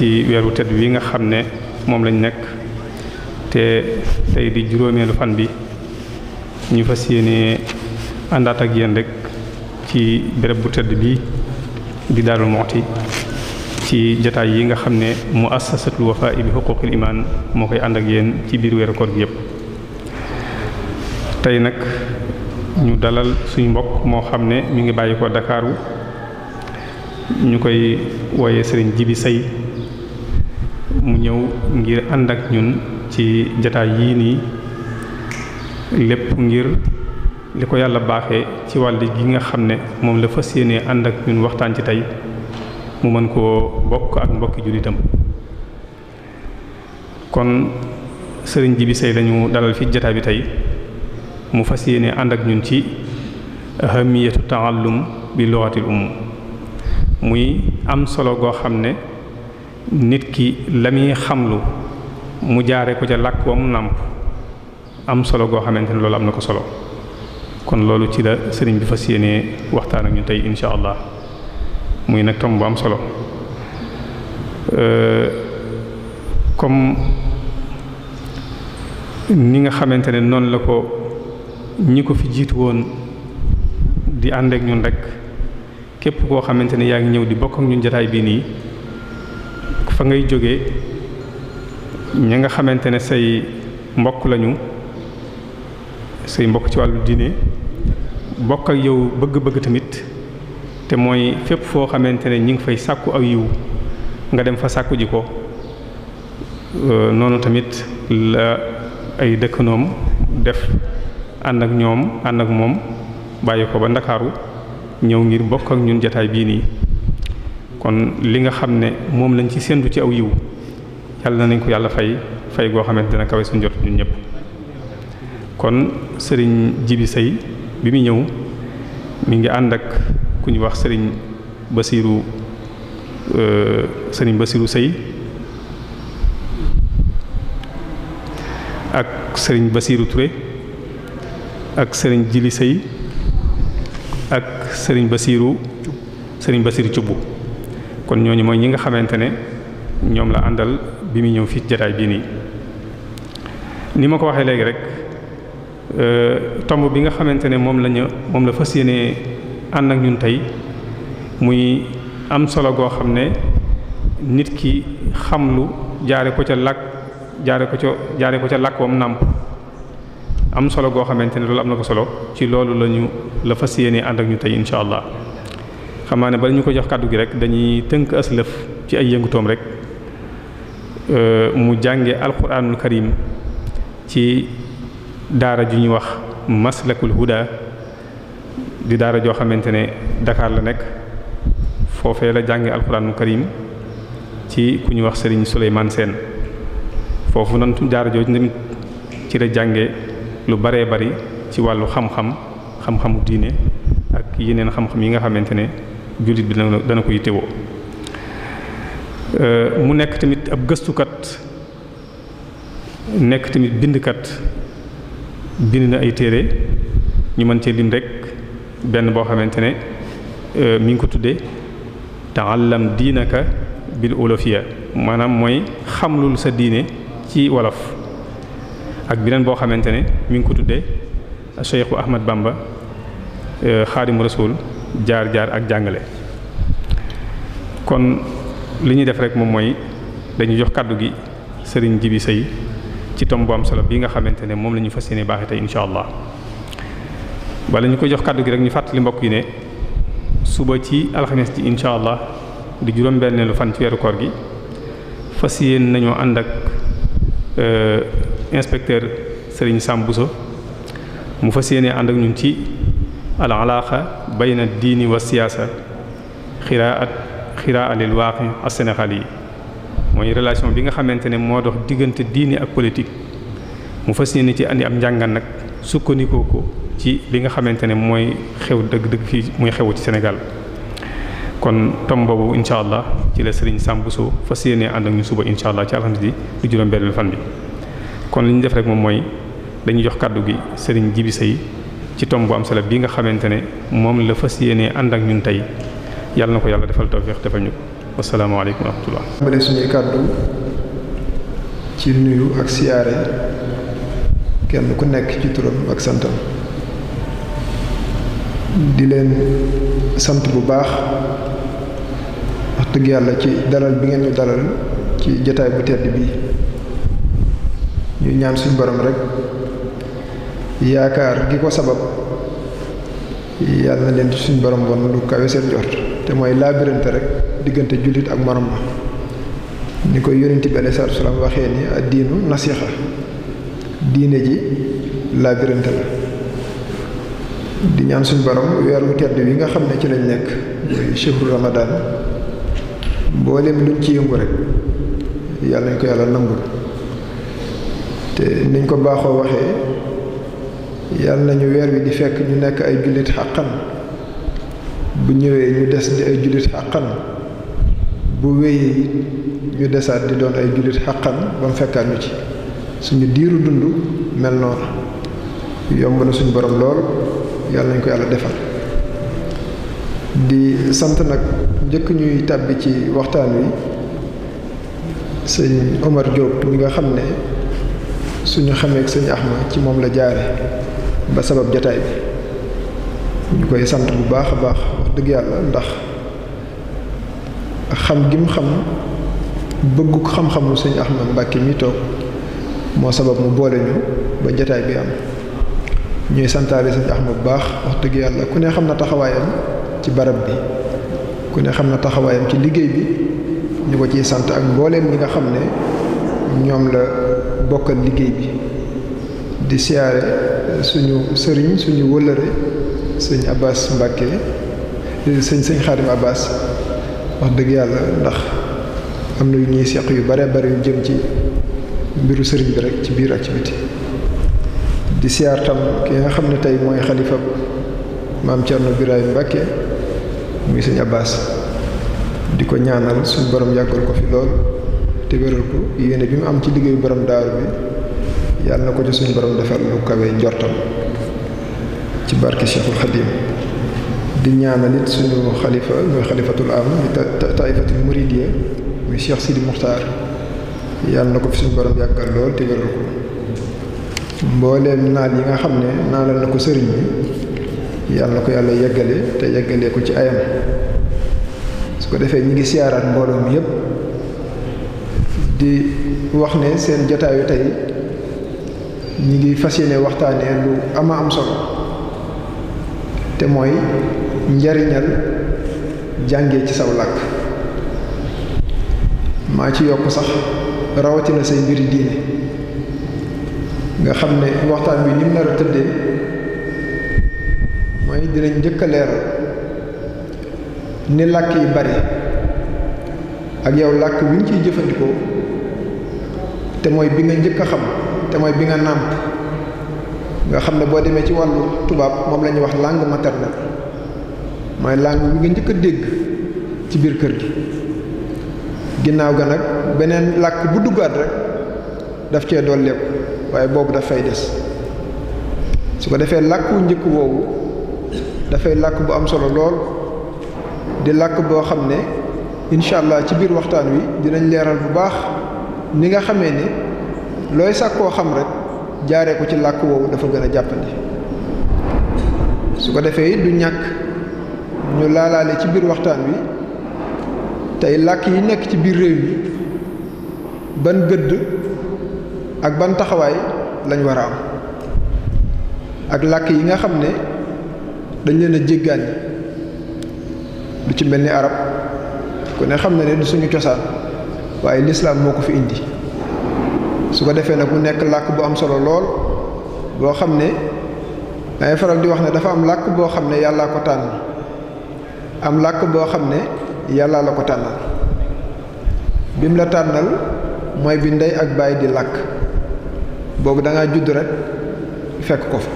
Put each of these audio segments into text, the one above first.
ci weeru tet wi nga xam ne moom lañ nekk te tey di juróomeelu fan bi ñu fas yéene àndaat ak yéen rek ci béréb bu tedd bi di daarul moxti ci jataay yi nga xam ne mu assasatul wafa i bi xuquqil iman moo koy ànd ak yéen ci biir weeru koor gi yëpp tey nag ñu dalal suñ mbokk moo xam ne mi ngi bàyyi ko dakaaru ñu koy woyee sëriñ jibi say mu ñëw ngir ànd ak ñun ci jataay yii nii lépp ngir li ko yàlla baaxe ci wàll gi nga xam ne moom la fas yéenee ànd ak ñun waxtaan ci tey mu mën koo bokk ak mbokki jullitam kon sëriñ Jibi Sey lañu dalal fi jataay bi tey mu fas yéenee ànd ak ñun ci ahamiyatu taallum bi luxatil umm muy am solo goo xam ne nit ki la muy xamlu mu jaare ko ca làkk wa mu nàmp am solo goo xamante ne loolu am na ko solo kon loolu ci la sëriñ bi fa yéenee waxtaan ak ñu tey incha allah muy nag tom am solo euh, comme ni nga xamante ne noonu la ko ñi ko fi jiitu woon di ànd ak ñun rek képp koo xamante ne yaa ngi ñëw di bokk ak ñun jotaay bii nii. fa ngay jóge ñi nga xamante ne say mbokk lañu say mbokk ci wàllu diine bokk ak yow bëgg-bëgg tamit te mooy fépp foo xamante ne ñi ngi fay sàkku aw yiw nga dem fa sàkku ji ko euh, noonu tamit la ay dëkkanoom def ànd ak ñoom ànd ak moom bàyyi ko ba ndakaaru ñëw ngir bokk ak ñun jataay bii nii kon li nga xamne mom moom lañ ci séntu ci aw yiwu yalla nañ ko yalla fay fay go xamante dina kawe suñ jot ñun ñep kon sëriñ jibi sey bi mi ñew mi ngi andak ku ñu wax basiru sëriñ basiru ak sering basiru Touré ak sering jili sey ak sering basiru sering basiru ciubou kon ñooñu mooy ñi nga xamante ne ñoom la àndal bi mu ñëw fii jataay bii nii ni ma ko waxee léegi rek euh, tomb bi nga xamante ne moom la ñë moom la fas yéenee ànd ak ñun tey muy am solo goo xam ne nit ki xam lu jaare ko ca làkk jaare ko ca jaare ko ca làkk wam nàmp am solo goo xamante ne loolu am na ko solo ci loolu lañu la fas yéenee ànd ak ñu tey incha allah xamane naa ñuko jox kaddu gi rek dañuy teunk asleuf ci ay yengutom rek mu alquranul karim ci daara ju ñuy wax maslakul huda di daara jo xamantene Dakar la nek fofé la jangé alquranul karim ci ku ñu wax Serigne souleyman sen fofu nan daara jooju tamit ci la jangé lu baree bari ci walu xam-xam xam-xamu diiné ak yeneen xam-xam yi nga xamantene julit bi dana dana ko euh mu nek tamit ab gestu kat nek tamit bind kat bind na ay téré ñu man ci lim rek ben bo xamantene euh mi ngi ko tuddé taallam dinaka bil ulufiya manam moy xamlul sa diine ci wolof ak binen bo xamantene mi ngi ko tuddé cheikh ahmed Bamba khadim rasoul jaar-jaar ak jangale kon liñu def rek mom moy dañu jox kaddu gi serigne djibi Sey ci tom bu am solo bi nga xamantene ne lañu fassiyene ñu tay inshallah ba lañu allah ko jox kaddu gi rek ñu fatali mbokk yi ne suba ci alxames ji incha allah di juroom bennelu fan ci wéru koor gi fassiyene nañu andak euh inspecteur serigne sambousso mu fassiyene andak ñun ci العلاقة بين الدين والسياسة xiraat xiraa alil waaqi ak Sénégal yi mooy relation bi nga xamante ne moo dox diggante diini ak politique mu fas yéene ci andi am njàngat nag sukkandikoo ko ci li nga xamante ne mooy xew dëgg-dëgg fii muy xewu ci Sénégal kon tom boobu incha allah ci la Serigne Sam Bousso fas yéene ànd ak ñu suba incha allah ci alxames ji lu juróom-benn fan bi kon li ñu def rek moom mooy dañuy jox kàddu gi Serigne Jibi Seye ci tomb bu am solo bi nga xamante ne moom la fas yéenee ànd ak ñun tey yàlla na ko yàlla defal tawfiq defal ñu ko wasalaamaaleykum wa rahmatullah. mbale suñuy kàddu ci nuyu ak siyaare kenn ku nekk ci turam ak santam di leen sant bu baax wax dëgg yàlla ci dalal bi ngeen ñu dalal ci jataay bu tedd bi ñu ñaan suñu borom rek. yaakaar gi ko sabab yàlla na leen ci suñ borom bon lu kawe seen jort te mooy laabirante rek diggante jullit ak morom ma ni koy yonent bi aleyhi salaatu salaam waxee ni addiinu nasiixa diine ji laabirante la di ñaan suñ borom weer wu tedd wi nga xam ne ci lañ nekk mooy chehru boo mboolem luñ ci yëngu rek yàlla nañ ko yàlla nangul te niñ ko baaxoo waxee yal ñu wër wi di fekk ñu nekk ay julit haqqan bu ñëwé ñu dess di ay julit haqqan bu wéyee ñu dessat di doon ay julit haqqan ba mu fekkaat ñu ci suñu diiru dundu mel noonu yomb na suñu borom lool yal ñu ko yalla defal di sant nak jëk ñuy tabbi ci waxtaan wi sëñ Omar Diop mi nga xamné ne suñu xamé ak sëñ Ahma ci mom la jaaré ba sabab jataay bi ñu koy sant bu baax a baax wax dëgg yàlla ndax xam gi mu xam bëggu xam-xamu ax Ahmad Mbàkke mi toog moo sabab mu boole ñu ba jataay bi am ñuy santaale sëñ ma bu baax wax dëgg yàlla ku ne xam na taxawaayam ci barab bi ku ne xam na taxawaayam ci liggéey bi ñu ko ciy sant ak booleem ñi nga xam ne ñoom la bokkal liggéey bi di siyaare eh, suñu sëriñ suñu wëlëre sëñ abbas mbàkke sëñ sëñ khadim abbas wax deug yalla ndax amna na yu ñuy seq yu bare bare yu jëm ci mbiru sëriñ bi rek ci biir ak ci biti di siar tam ki nga xam tay moy khalifa mam maam cerno birahim mbàkke muy sëñ abbas diko ñaanal suñu borom yàggal ko fi lool te wërul ko yene bi mu am ci liggéeyu borom daaru bi yàlla na ko ci suñu borom defal lu kawee njortam ci barke Cheikhul Khadim di ñaanal suñu xalifa muy xalifatul am muy taifatul muridiyya muy Cheikh Sidi Muxtaar yàlla na ko fi suñu borom yàggal lool te wéral ko mbooleem naal yi nga xam ne naalal na ko sëriñ bi yàlla na ko yàlla yeggale te yeggalee ko ci ayam su ko defee ñu ngi siyaaraat mbooloo mi yépp di wax ne seen jotaayu tey ñi ngi fas yéene waxtaanee lu ama am solo te mooy njariñal jàngee ci saw làkk maa ci yokk sax rawatina say mbiri diine nga xam ne waxtaan wi ni mu nar a tëddee mooy dinañ njëkk a leeral ni làkk yi bare ak yow làkk wi ñu ciy jëfandikoo te mooy bi nga njëkk a xam te mooy bi nga nàmp nga xam ne boo demee ci wàllu tubaab moom la ñuy wax langue maternelle mooy làng bi nga njëkk a dégg ci biir kër gi ginnaaw ga nag beneen làkk bu duggaat rek daf cee dool lépp waaye boobu daf fay des su ko defee làkku njëkk woowu dafay làkk bu am solo lool di làkk boo xam ne incha allah ci biir waxtaan wi dinañ leeral bu baax ni nga xamee ni looy sàkkoo xam rek jaaree ko ci làkk woowu dafa gën a jàppandi su ko defee du ñàkk ñu laalaale ci biir waxtaan wi tey làkk yi nekk ci biir réew yi ban gëdd ak ban taxawaay lañu war a am ak làkk yi nga xam ne dañ leen a jéggaan lu ci mel ni arab ku ne xam na ne du suñu cosaan waaye lislaam moo ko fi indi su ko defee nag mu nekk làkk bu am solo lool boo xam ne dangay faral di wax ne dafa am làkk boo xam ne yàllaa ko tànn am làkk boo xam ne yàllaa la ko tànnal bim la mooy bi ndey ak baay di làkk boobu da ngaa judd rek fekk ko fa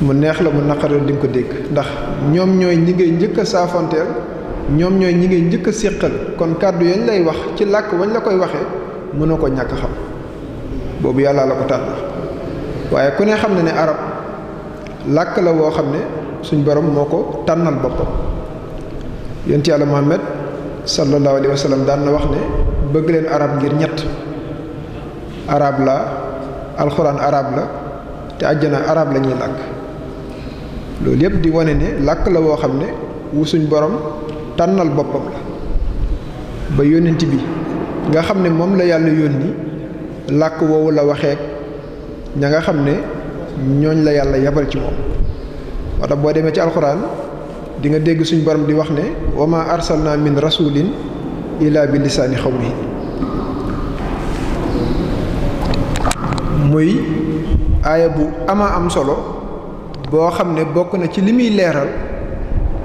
mu neex la mu naqareel di nga ko dégg ndax ñoom ñooy ñi ngay njëkk a saafonteel ñoom ñooy ñi ngay njëkk a kon kàddu yañ lay wax ci làkk wañ la koy waxee mënoo ko ñàkk xam bobu yalla la ko tànn waaye ku ne arab lak la wo xamne suñ borom moko tanal bopam yent yalla muhammad sallallahu Alaihi Wasallam dan na wax ne beug len arab ngir ñet arab la alquran arab la te aljana arab lañuy lak làkk yeb di wane ne làkk la wo xamne wu suñ borom tanal bopam la ba yonenti bi nga xamne mom la yalla làkk woowu la waxee ña nga xam ne ñooñ la yàlla yabal ci moom moo tax boo demee ci alxuraan di nga dégg suñu borom di wax ne wa ma arsalna min rasulin ila bi lisaani xawmihi muy aaya bu ama am solo boo xam ne bokk na ci li muy leeral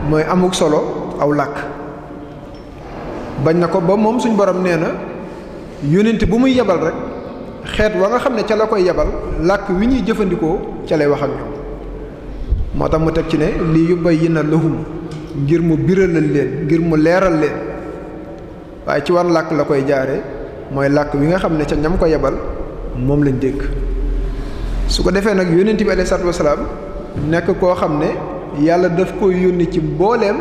mooy amuk solo aw làkk bañ na ko ba moom suñ borom nee na yónent bu muy yebal rek xeet wa nga xam ne ca la koy yebal làkk wi ñuy jëfandikoo ca lay wax ak ñoom moo tax mu teg ci ne li yubayyina lahum ngir mu biralal leen ngir mu leeral leen waaye ci war làkk la koy jaare mooy làkk wi nga xam ne ca ñam ko yebal moom lañ dégg su ko defee nag yónnent bi alayhi salaatu wasalaam nekk koo xam ne yàlla daf koy yónni ci mbooleem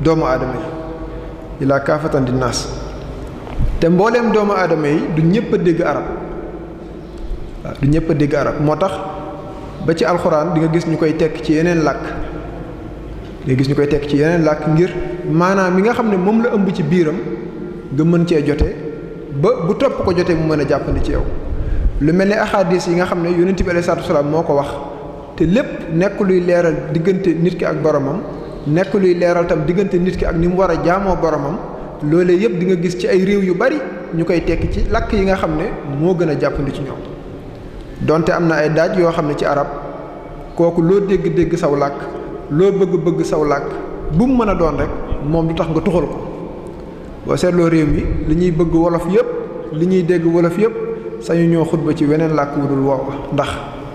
doomu aadama yi ilaa kaafatan di naas te mbooleem doomu aadama yi du ñëpp a dégg arab waaw du ñëpp a dégg arab moo tax ba ci alxuraan di nga gis ñu koy tekk ci yeneen làkk di gis ñu koy tekk ci yeneen làkk ngir maanaam mi nga xam ne moom la ëmb ci biiram nga mën cee jote ba bu topp ko jotee mu mën a jàppandi ci yow lu mel ni axadis yi nga xam ne yonent bi alayhi salaatu salaam moo ko wax te lépp nekk luy leeral diggante nit ki ak boromam nekk luy leeral tam diggante nit ki ak ni mu war a jaamoo boromam loolee yëpp di nga gis ci ay réew yu bari ñu koy tekki ci làkk yi nga xam ne moo gën a jàppandi ci ñoom donte am na ay daaj yoo xam ne ci arab kooku loo dégg-dégg saw làkk loo bëgg-bëgg saw làkk bu mu mën a doon rek moom du tax nga tuxal ko boo seetloo réew mi li ñuy bëgg wolof yëpp li ñuy dégg wolof yëpp sañu ñoo xutba ci weneen làkk wu woow woowa ndax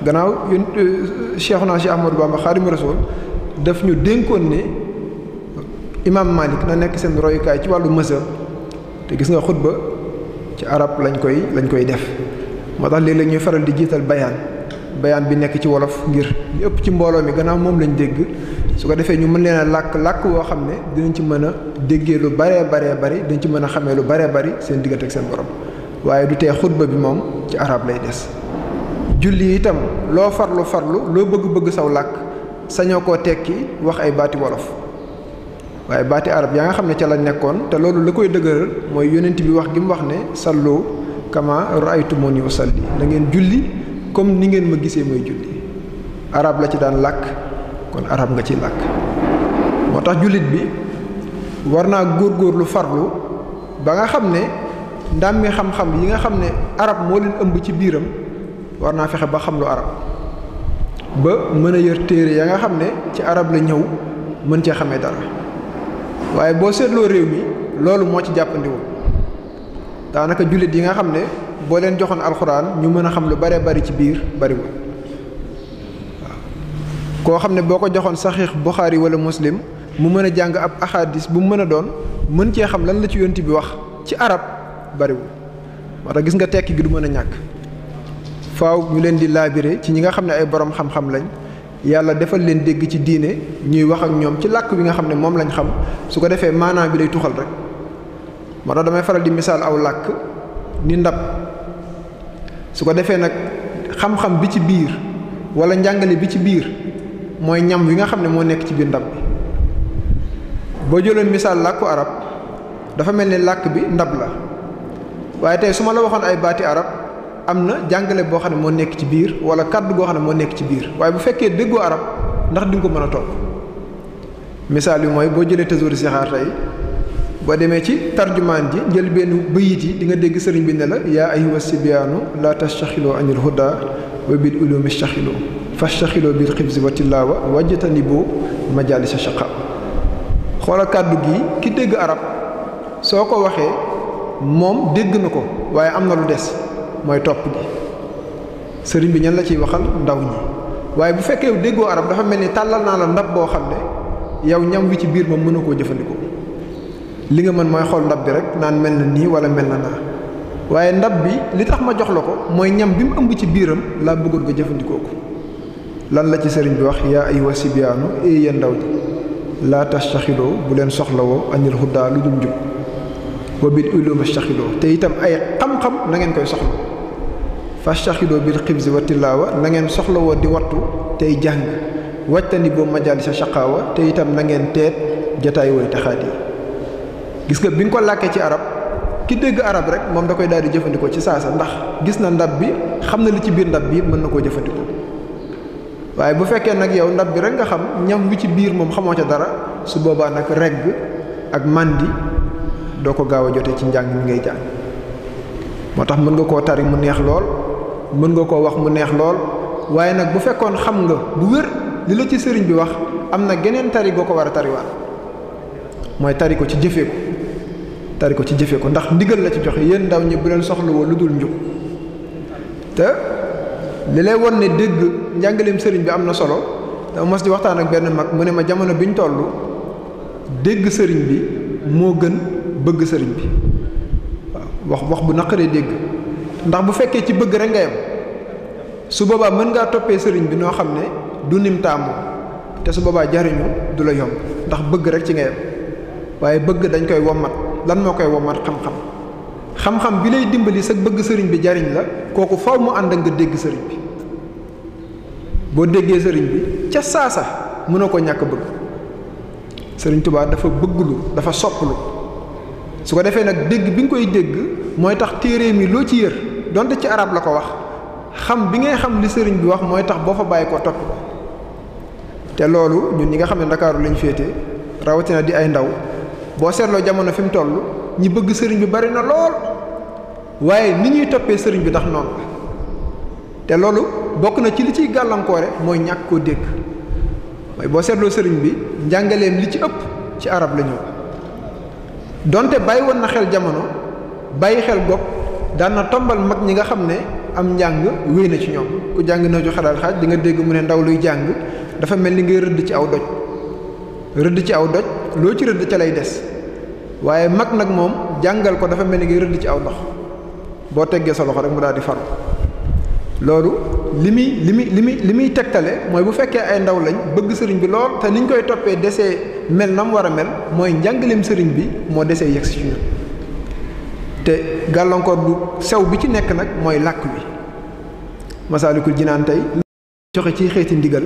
gannaaw yéen Cheikhuna Cheikh Ahmadou Bamba Khadimu Rasul daf ñu dénkoon ne imam malik na sen roy kay ci walu mësa te gis nga khutba ci arab lañ koy lañ koy def motax tax léeg faral di jital bayan bayan bi nek ci wolof ngir ëpp ci mbolo mi gëna mom lañ dégg su ko defee ñu mën leena lak lak wo dinañ ci mëna lu bare bare bari dinañ ci mëna xamé lu bare bari seen diggante ak seen borom waye du té khutba bi mom ci arab lay dess julli itam lo farlu farlu lo bëgg bëgg saw lak sañoko tekki wax ay baati wolof waye baati arab yang nga xamne ci lañ nekkon te lolu li koy dëgëral yonent bi wax gi mu wax ne sallu kama raaytumuni usalli da ngeen julli comme ni ngeen ma gisee moy julli arab la ci daan lak kon arab nga ci lak motax julit bi warna gor gur lu farlu ba nga xamne ne xam-xam yi nga xamne arab mo leen eum ci biram warna fexé ba xam lu arab ba meuna yeur téré ya nga xamne ci arab la ñew mën ci xamé dara waaye boo seetloo réew mi loolu moo ci jàppandiwul daanaka jullit yi nga xam ne boo leen joxoon alxuraan ñu mën a xam lu bare bari ci biir bariwul koo xam ne boo ko joxoon saxiix Buxaari wala muslim mu mën a jàng ab axadis bu mu mën a doon mën cee xam lan la ci yonti bi wax ci arab bariwul wara gis nga tekki gi du mën a ñàkk faaw ñu leen di laabire ci ñi nga xam ne ay boroom xam-xam lañ. yàlla defal leen dégg ci diine ñuy wax ak ñoom ci làkk bi nga xam ne moom lañ xam su ko defee maanaam bi day tuxal rek moo tax damay faral di misaal aw làkk ni ndab su ko defee nag xam-xam bi ci biir wala njàngale bi ci biir mooy ñam wi nga xam ne moo nekk ci biir ndab bi boo jëlee misaal làkku arab dafa mel ni làkk bi ndab la waaye tey su ma la waxoon ay baati arab am na jàngale boo xam ne moo nekk ci biir wala kàddu goo xam ne moo nekk ci biir waaye bu fekkee déggoo arab ndax di ko mën a topp misaal yi mooy boo jëlee tasori sixaar tey boo demee ci tarjumaan ji jël benn bayit yi di nga dégg sëriñ bi ne la yaa ayyuha sibiyaanu la tastaxiloo anil huda wa bil ulumi staxiloo fastaxiloo bil xibsi wa tilaawa wajtaniboo majalisa shaqa xoola kàddu gi ki dégg arab soo ko waxee moom dégg na ko waaye am na lu des moy top ji serigne bi ñan la ci waxal ndaw ñi waye bu fekkee deggo arab dafa melni talal na la ndab bo xamne yow ñam wi ci biir moom mëna ko jëfëndiko li nga mën moy xol ndab bi rek naan melni ni wala melna na waye ndab bi li tax ma jox lako moy ñam bi mu ëmb ci biiram la bëggoon nga jëfëndiko ko lan la ci serigne bi wax ya ay wasibyanu e ya ndaw la laa bu leen soxlawoo anil hudda lu dul njub wa bil ulum ashtakhilu te itam ay xam xam na ngeen koy fa fastakhilu bil khibz wa tilawa na ngeen soxlo wo di wattu tey jang wattani bo majalisa shaqawa te itam na ngeen teet jotaay way taxati gis nga bi ko ci arab ki deug arab rek mom da koy daal di jëfandikoo ci saasa ndax gis na ndab bi xam na li ci bir ndab bi mën nako koo waye bu fekke nak yow ndab bi rek nga xam ñam bi ci bir mom xamoo ca dara su boba nak reg ak mandi doko gawa gaaw ci njang mi ngay jang motax mën nga ko tari mu neex lool mën nga ko wax mu neex lool waye nak bu fekkon xam nga bu wër li la ci serigne bi wax amna geneen tari goo wara tari wa moy tari ko ci jëfé ko tari ko ci jëfé ko ndax ndigal la ci joxe yeen ndaw ñi bu len soxlu wo luddul ñu te li lay won ne dégg njàngaleem serigne bi amna solo da mos di waxtaan ak benn mak mu ma jamono biñ tollu serigne bi mo gën bëgg sëriñ bi waaw wax wax bu naqaree dégg ndax bu fekkee ci bëgg rek nga yem su boobaa mën ngaa toppee sëriñ bi noo xam ne du nim taamu te su boobaa jariñu du la yomb ndax bëgg rek ci nga waaye bëgg dañ koy wommat lan moo koy wommat xam-xam xam-xam bi lay dimbali sa bëgg sëriñ bi jariñ la kooku faw mu ànd ak nga dégg sëriñ bi boo déggee sëriñ bi ca saasa mënoo ko ñàkk bëgg sëriñ Tuubaa dafa bëgglu dafa sopplu su ko defee nag dégg bi nga koy dégg mooy tax téere mi loo ci yër donte ci arab la ko wax xam bi ngay xam li sëriñ bi wax mooy tax boo fa bàyyi ko topp ko te loolu ñun ñi nga xam ndakaaru lañu féete rawatina di ay ndaw boo seetloo jamono fi mu toll ñi bëgg sëriñ bi bari na lool waaye ni ñuy toppee sëriñ bi ndax noonu la te loolu bokk na ci li ciy gàllankoore mooy ñàkk koo dégg mooy boo seetloo sëriñ bi njàngaleem li ci ëpp ci arab la ñëw donte bàyyi woon na xel jamono bàyyi xel gopp daana tombal mag ñi nga xam ne am njàng wéy na ci ñoom ku jàng na ju xalaat xaaj di nga dégg mu ne ndaw luy jàng dafa mel ni ngay rëdd ci aw doj rëdd ci aw doj loo ci rëdd ca lay des waaye mag nag moom jàngal ko dafa mel ni ngay rëdd ci aw ndox boo teggee sa loxo rek mu daal di faru loolu li muy li muy li muy li muy tegtale mooy bu fekkee ay ndaw lañ bëgg sëriñ bi lool te niñ koy toppee desee mel na mu war a mel mooy njàngaleem sëriñ bi moo desee yegg si ci ñun te gàllankoor bu sew bi ci nekk nag mooy làkk wi masaalikul jinaan tey joxe ci xeeti ndigal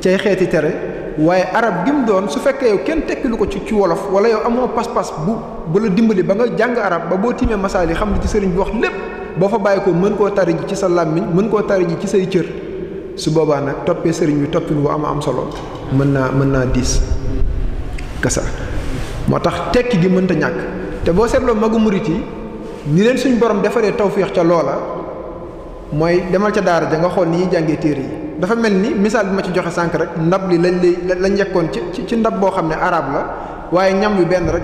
cay xeeti tere waaye arab gi mu doon su fekkee yow kenn tekki lu ko ci ci wolof wala yow amoo pas-pas bu bu la dimbali ba nga jàng arab ba boo tiimee masaali xam li ci sëriñ bi wax lépp boo fa bàyyi ko mën koo tari ji ci sa làmmiñ mën koo tari ji ci say cër su boobaa nag toppee sëriñ bi toppin am am solo mën naa mën naa diis kessa motax tekki gi mënta ñak te bo setlo magu muriti ni len suñ borom defare tawfiq ca lola moy demal ca daara ja nga xol ni jangé téré dafa melni misal bima ci joxe sank rek ndab li lañ lay lañ yekkon ci ci ndab bo xamne arab la waye ñam yu ben rek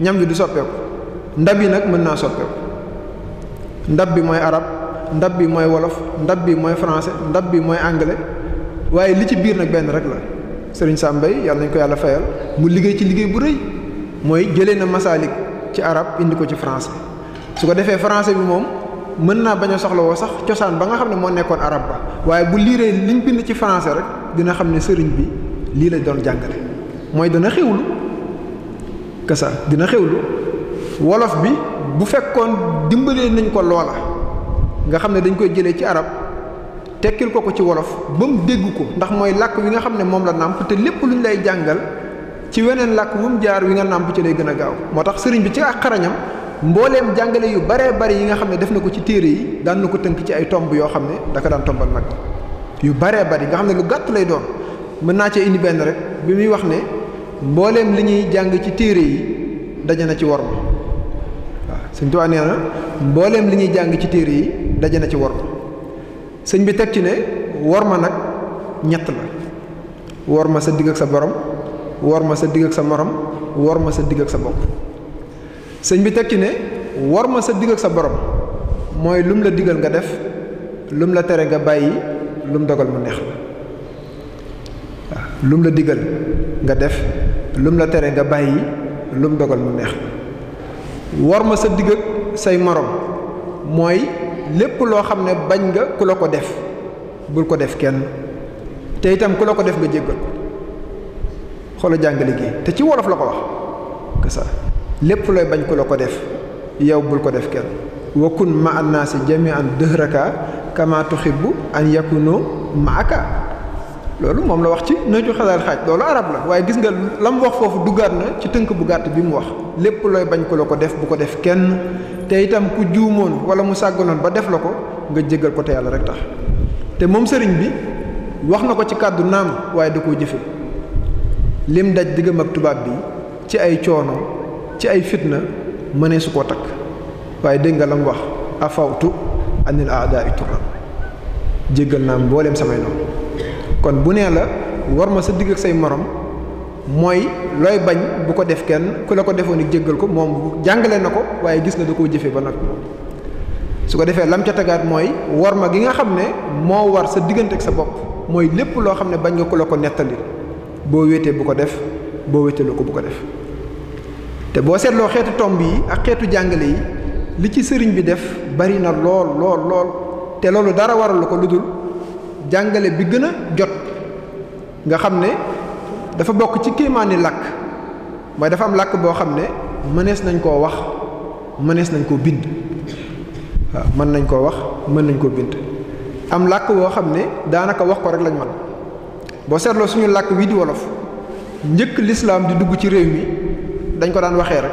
ñam yu du soppeku ndab yi nak mën na soppeku ndab bi moy arab ndab bi moy wolof ndab bi moy français ndab bi moy anglais waye li ci bir nak ben rek la serigne sambay yalla nañ ko yalla fayal mu liggey ci liggey bu reuy moy jele na masalik ci arab indi ko ci français su ko defé français bi mom mën na baña soxla wo sax ciosan ba nga xamne mo nekkon arab ba waye bu liré liñ bind ci français rek dina xamne serigne bi li la doon jangale moy dana xewlu kassa dina xewlu wolof bi bu fekkon dimbalé nañ ko lola nga xamne dañ koy jëlé ci arab tekkil ko ko ci wolof ba mu dégg ko ndax mooy làkk wi nga xam ne moom la nàmp te lépp lu ñu lay jàngal ci weneen làkk wu mu jaar wi nga nàmp ci lay gën a gaaw moo tax sëriñ bi ci ak xarañam mbooleem jàngale yu baree bari yi nga xam ne def na ko ci téere yi daan na ko tënk ci ay tomb yoo xam ne daka daan tombal mag yu baree bari nga xam ne lu gàtt lay doon mën naa cee indi benn rek bi muy wax ne mbooleem li ñuy jàng ci téere yi daje na ci wor ma waaw nee na mbooleem li ñuy jàng ci téere yi daje na ci wor ma sëñ bi teg ci ne wor ma nag ñett la wor ma sa digg sa borom wor ma sa digg sa morom wor ma sa digg sa bopp sëñ bi teg ci ma sa digg sa borom mooy lum la digal nga def lum la tere nga bàyyi lum dogal mu neex la la digal nga def lum la tere nga bàyyi lum dogal mu neex la wor ma sa digg say morom mooy lépp loo xam ne bañ nga ku la ko def bul ko def kenn te itam ku la ko def nga jéggal ko xoola jàngale gi te ci wolof la ko wax lépp looy bañ ku la ko def yow bul ko def kenn wa kun ma annaasi jami'an dëhraka kama tuhibbu an yakunu maaka loolu moom la wax ci nañu xalaat xaaj loolu arab la waaye gis nga la mu wax foofu duggaat na ci tënk bu gàtt bi mu wax lépp looy bañ ko la ko def bu ko def kenn te itam ku juumoon wala mu sàgganoon ba def la ko nga jégal ko te yàlla rek tax te moom sëriñ bi wax na ko ci kàddu naam waaye da koo jëfe lim daj diggam ak tubaab bi ci ay coono ci ay fitna mënee su koo takk waaye dégg nga la mu wax afawtu anil aada i turam jéggal naa mbooleem samay kon bu nee la war ma sa digg ak say morom mooy looy bañ bu ko def kenn ku la ko defoon it jéggal ko moom jàngale na ko waaye gis na da koo jëfee ba noppi su ko defee lam ca tagaat mooy war ma gi nga xam ne moo war sa diggante ak sa bopp mooy lépp loo xam ne bañ nga ku la ko nettali boo wéetee bu ko def boo wéeteelu ko bu ko def te boo seetloo xeetu tomb yi ak xeetu jàngale yi li ci sëriñ bi def bari na lool lool lool te loolu dara waral waralu ko lu Janggale bi geuna jot nga xamne dafa bok ci kéemaani lak moy dafa am lak bo xamne menes nañ ko wax menes nañ ko bind waaw nañ ko wax man nañ ko bind am lak bo xamne danaka wax ko rek lañ man bo setlo suñu lak wi di wolof ñeuk l'islam di dugg ci réew mi dañ ko daan waxe rek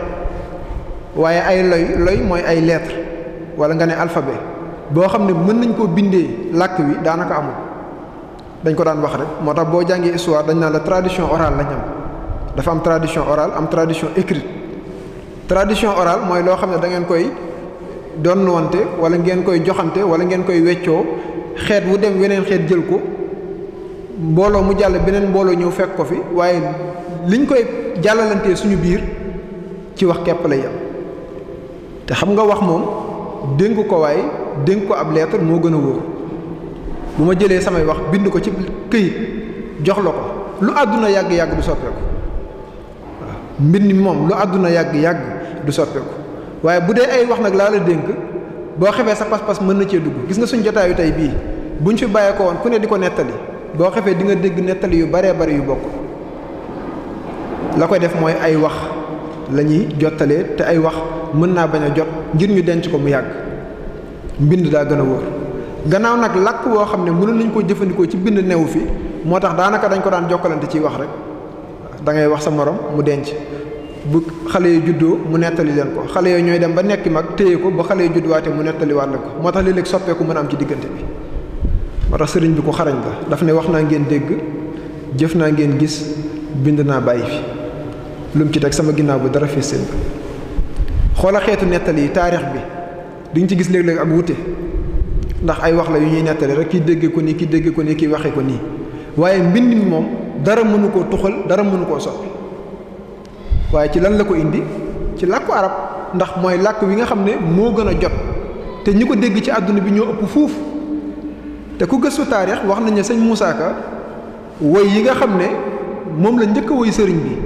waye ay loy loy moy ay lettre wala nga ne alphabet bo xamne meun nañ ko bindé lak wi danaka amul dañ ko daan wax rek moo tax boo jàngee histoire dañ naan la tradition orale lañ am dafa am tradition orale am tradition écrite tradition orale mooy loo xam ne da ngeen koy donnuwante wala ngeen koy joxante wala ngeen koy weccoo xeet wu dem weneen xeet jël ko mbooloo mu jàll beneen mbooloo ñëw fekk ko fi waaye liñ koy jàllalantee suñu biir ci wax képp lay am te xam nga wax moom dénk ko waaye dénk ko ab lettre moo gën a wóor bu ma jëlee samay wax bind ko ci këyit jox la ko lu àdduna yàgg-yàgg du soppeeku waaw mbind mi moom lu àdduna yàgg-yàgg du soppeeku waaye bu dee ay wax nag laa la dénk boo xefee sa pas-pas mën na cee dugg gis nga suñ jotaayu tey bii buñ fi bàyyee ko woon ku ne di ko nettali boo xefee di nga dégg nettali yu baree bari yu bokk la koy def mooy ay wax la ñuy jottalee te ay wax mën naa bañ a jot ngir ñu denc ko mu yàgg mbind daa gën a wóor gannaaw nak lak woo xamne ne mënul ko jëfëndiko ci bind newu fi motax tax daanaka dañ ko daan jokkalante ci wax rek da ngay wax sa morom mu denc bu xalé yu juddoo mu netali len ko xalé yu ñoy dem ba nekk mak téye ko ba xale yi mu netali nako motax li lek soppeku mëna am ci digënté bi motax sëriñ bi ko xarañ ba daf ne wax na ngeen dégg jëf na ngeen gis bind na bayyi fi lum ci tek sama ginnaaw bu dara fi seen xol xeetu nettali yi bi diñ ci gis ak wuté ndax ay wax la yu ñuy nettali rek ki dégg ko ni ki dégg ko nii ki waxe ko ni waaye mbind mi moom dara mënu koo tuxal dara mënu koo soppi waaye ci lan la ko indi ci làkku arab ndax mooy làkk wi nga xam ne moo gën a jot te ñi ko dégg ci àdduna bi ñoo ëpp fuuf te ku gëstu taarix wax nañ ne sëñ Moussa Ka woy yi nga xam ne moom la njëkk a woy sëriñ bi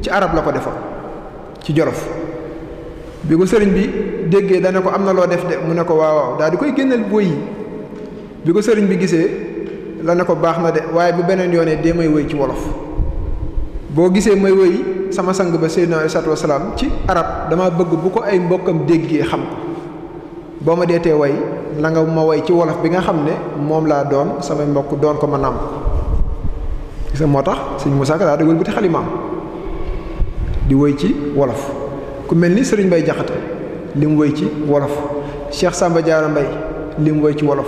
ci arab la ko defoon ci jolof bi ko sëriñ bi déggee danako ko am na def de mu ne ko waaw waaw daal di koy génnal yi bi ko sëriñ bi la ne de waye bu benen yone de may woy ci wolof bo gisee may woy sama sang ba seydina alayhi salatu wasalaam ci arab dama bëgg bu ko ay mbokam déggee xam bo ma deetee way la nga ma way ci wolof bi nga xam mom la doon sama mbokk doon ko ma Ka bu ti khalima di woy ci wolof ku melni serigne bay jaxata li woy ci wolof Cheikh Samba Diarra Mbaye li woy ci wolof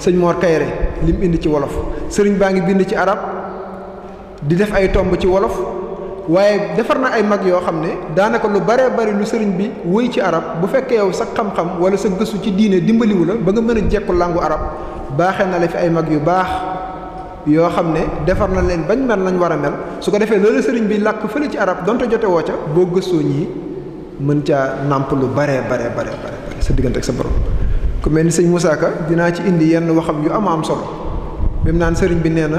sëñ Mor Kayre li indi ci wolof sëriñ baa ngi bind ci arab di def ay tomb ci wolof waaye defar na ay mag yoo xam ne daanaka lu baree bari lu sëriñ bi woy ci arab bu fekkee yow sa xam-xam wala sa gëstu ci diine dimbaliwu la ba nga mën a jekku làngu arab baaxee na la fi ay mag yu baax yoo xam ne defar na leen bañ mel lañ war a mel su ko defee loolu sëriñ bi làkk fële ci arab donte jote woo ca boo gëstoo ñii mën caa nàmp lu baree bare bare bare sa diggante ak sa borom ku mel ni sëñ Moussa dinaa ci indi yenn waxam yu ama am solo bi mu naan sëriñ bi nee na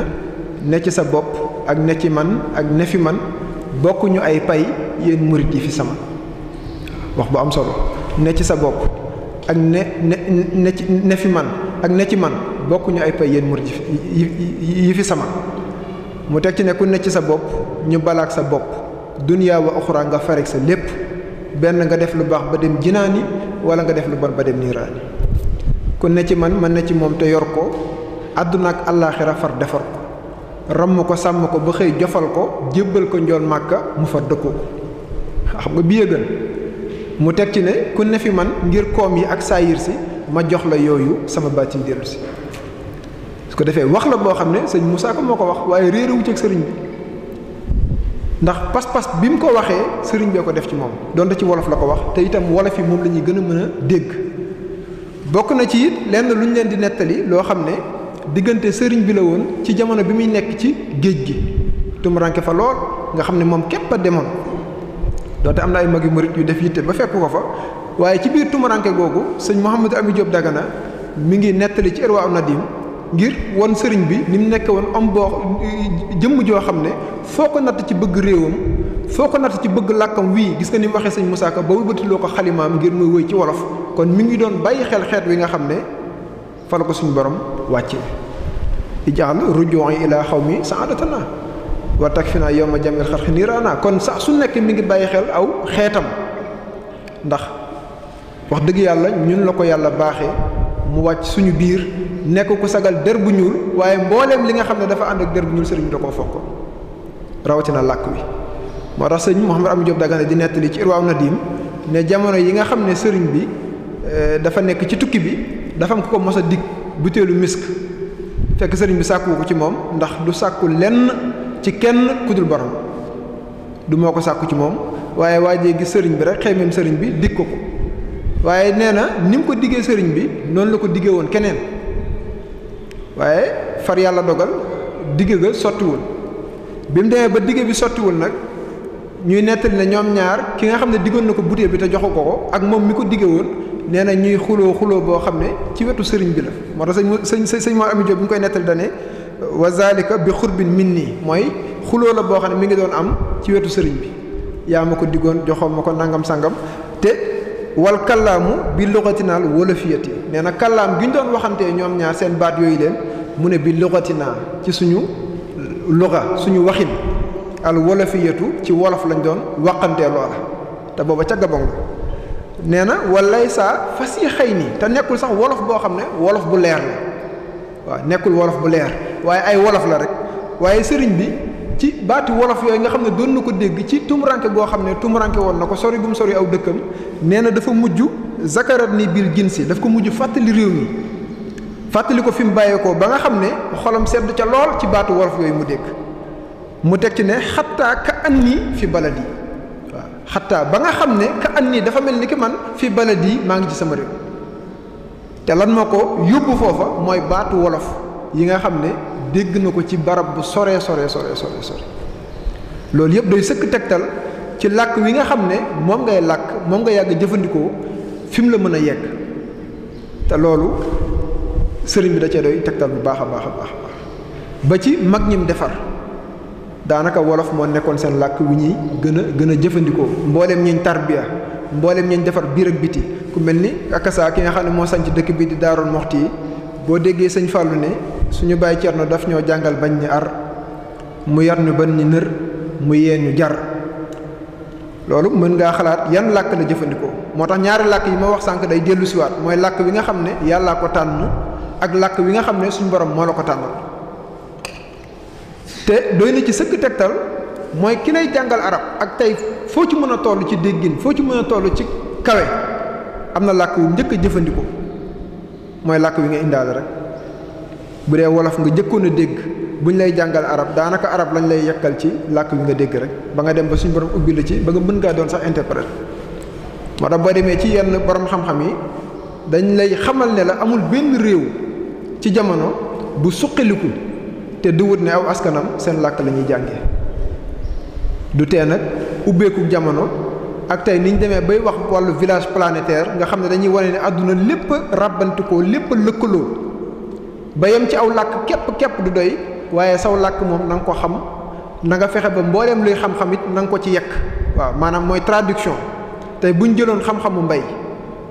ne ci sa bopp ak ne ci man ak ne man bokkuñu ay pay yéen murit yi fi sama wax bu am solo ne ci sa bopp ak ne ne ne ci ne fi man ak ne ci man bokkuñu ay pay yéen murit yi yi fi sama mu teg ci ne ku ne ci sa bopp ñu balaak sa bopp duniyaa wa nga farek sa lépp benn nga def lu baax ba dem jinaani wala nga def lu bon ba dem niiraani ku ne ci man mën na ci moom te yor ko àdduna ak àllaaxira far defar ko ramm ko sàmm ko ba xëy jofal ko jébbal ko njool màkka mu far dëkku xam nga bi gën mu teg ci ne ku ne fi man ngir koom yi ak saayir si ma jox la yooyu sama baat yi dellu si su ko defee wax la boo xam ne sëñ Moussa ko moo ko wax waaye réerewu ci ak sëriñ bi ndax pas-pas bi mu ko waxee sëriñ bee ko def ci moom donte ci wolof la ko wax te itam wolof yi moom la ñuy gën mën a dégg bokk na ci it lenn lu ñu leen di nettali loo xam ne diggante sëriñ bi la woon ci jamono bi muy nekk ci géej gi tumuranke fa lool nga xam ne moom képp a demoon donte am na ay mag yu murit yu def yitte ba fekk ko fa waaye ci biir tumuranke googu sëñ Mouhamadou Ami Diop Dagana mu ngi nettali ci Irwa Nadim ngir won sëriñ bi ni mu nekk woon am boo jëmm joo xam ne foo ko natt ci bëgg réewam foo ko natt ci bëgg làkkam wii gis nga ni mu waxee sëñ Moussa Ka ba wëlbatiloo ko xalimaam ngir muy wëy ci wolof kon mi ngi doon bàyyi xel xeet wi nga xam ne fa la ko suñu borom wàcce mi ruju'i ila xawmi sa'adatana wa takfina yawma jamil xarxi niiraana kon sax su nekk mu ngi bàyyi xel aw xeetam ndax wax dëgg yàlla ñun la ko yàlla baaxee mu wàcc suñu biir nekk ku sagal dër bu ñuul waaye mbooleem li nga xam ne dafa ànd ak dër bu ñuul sëriñ bi da koo fokk rawatina làkk wi moo tax sëñ Mouhamed Amady di nettali ci Irwaaw Nadim ne jamono yi nga xam ne sëriñ bi eh, dafa nekk ci tukki bi dafa am ku ko mos a dig butéelu misk fekk sëriñ bi sàkkuwu ko ci moom ndax du sàkku lenn ci kenn ku dul borom du moo ko sàkku ci moom waaye waajee gi sëriñ bi rek xëy sëriñ bi dig ko ko waaye nee na ni mu ko diggee sëriñ bi noonu la ko diggee woon keneen. waaye far yàlla dogal digg ga sottiwul bi mu demee ba digg bi sottiwul nag ñuy nettali ne ñoom ñaar ki nga xam ne diggoon na ko buté bi te joxu ko ko ak moom mi ko digge woon nee na ñuy xuloo xuloo boo xam ne ci wetu sëriñ bi la moo tax sëñ sëñ sëñ Mor Ami Diop ñu koy nettali dane wa zalika bi xurbin min nii mooy xuloo la boo xam ne mi ngi doon am ci sëriñ bi yaa ma ko diggoon joxoon ma ko nangam sangam te wal kàllaamu bi lugatinaal wolofiyati nee na kàllaam gi ñu doon waxantee ñoom ñaar seen baat yooyu leen mu ne bi naa ci suñu luga suñu waxin al wolofiyatu ci wolof lañ doon waqantee loola te booba ca gabon nee na walay saa fas yi xëy nii te nekkul sax wolof boo xam ne wolof bu leer la waaw nekkul wolof bu leer waaye ay wolof la rek waaye sëriñ bi ci baati wolof yooyu nga xam ne doon na ko dégg ci tumuranke goo xam ne tumuranke woon na ko sori gum sori aw dëkkam nee na dafa mujj zakarat ni bil jinsi daf ko mujj fàttali réew mi fàttali ko fi mu bàyyeekoo ba nga xam ne xolam sedd ca lool ci baatu wolof yooyu mu dégg mu teg ci ne xattaa ka an nii fi baladi waaw xattaa ba nga xam ne ka an nii dafa mel ni ki man fi baladi maa ngi ci sama réew te lan ma ko yóbbu foofa mooy baatu wolof yi nga xam ne dégg na ko ci barab bu sore sore sore sore loolu yëpp day sëkk tegtal ci làkk wi nga xam ne moom ngay làkk moom nga yàgg jëfandikoo fi mu la mën a yegg te loolu sëriñ bi da cee doy tegtal bu baax a baax a baax ba ci mag ñim defar daanaka wolof moo nekkoon seen làkk wu ñuy gën a gën a jëfandikoo mbooleem ñeñ tarbiya mbooleem ñeñ defar biir ak biti ku mel ni akasa ki nga xam ne moo sanc dëkk bi di daaroon moxti yi boo déggee sëñ Fallou ne suñu bàyyi cerno daf ñoo jàngal bañ ni ar mu yar ñu ban ñu nër mu yee ñu jar loolu mën ngaa xalaat yan làkk la jëfandikoo moo tax ñaari làkk yi ma wax sànq day dellu siwaat mooy làkk nga xam ne yàllaa ko tànn ak làkk wi nga xam ne suñu borom moo la ko tànnal te doy na ci sëkk tegtal mooy ki lay jàngal arab ak tey foo ci mën a toll ci déggin foo ci mën a tollu ci kawe am na làkk wu njëkk jëfandikoo mooy làkk wi nga indaale rek bu dee wolof nga jëkkoon a dégg buñ lay jàngal arab daanaka arab lañ lay yekkal ci làkk wi nga dégg rek ba nga dem ba suñu borom ubbi la ci ba nga mën ngaa doon sax interprète moo tax boo demee ci yenn borom xam-xam yi dañ lay xamal ne la amul benn réew ci jamono bu suqaliku te duwut wut ne aw askanam seen làkk lañuy ñuy jànge du tee nag ubbeeku jamono ak tey ni ñu demee bay wax wàllu village planétaire nga xam ne dañuy wane ne àdduna lépp ràbbantikoo lépp lëkkaloo ba yem ci aw làkk képp képp du doy waaye saw làkk moom na nga ko xam na nga fexe ba mbooleem luy xam-xam it na nga ko ci yekk waaw maanaam mooy tradiction tey buñ jëloon xam-xamu mbay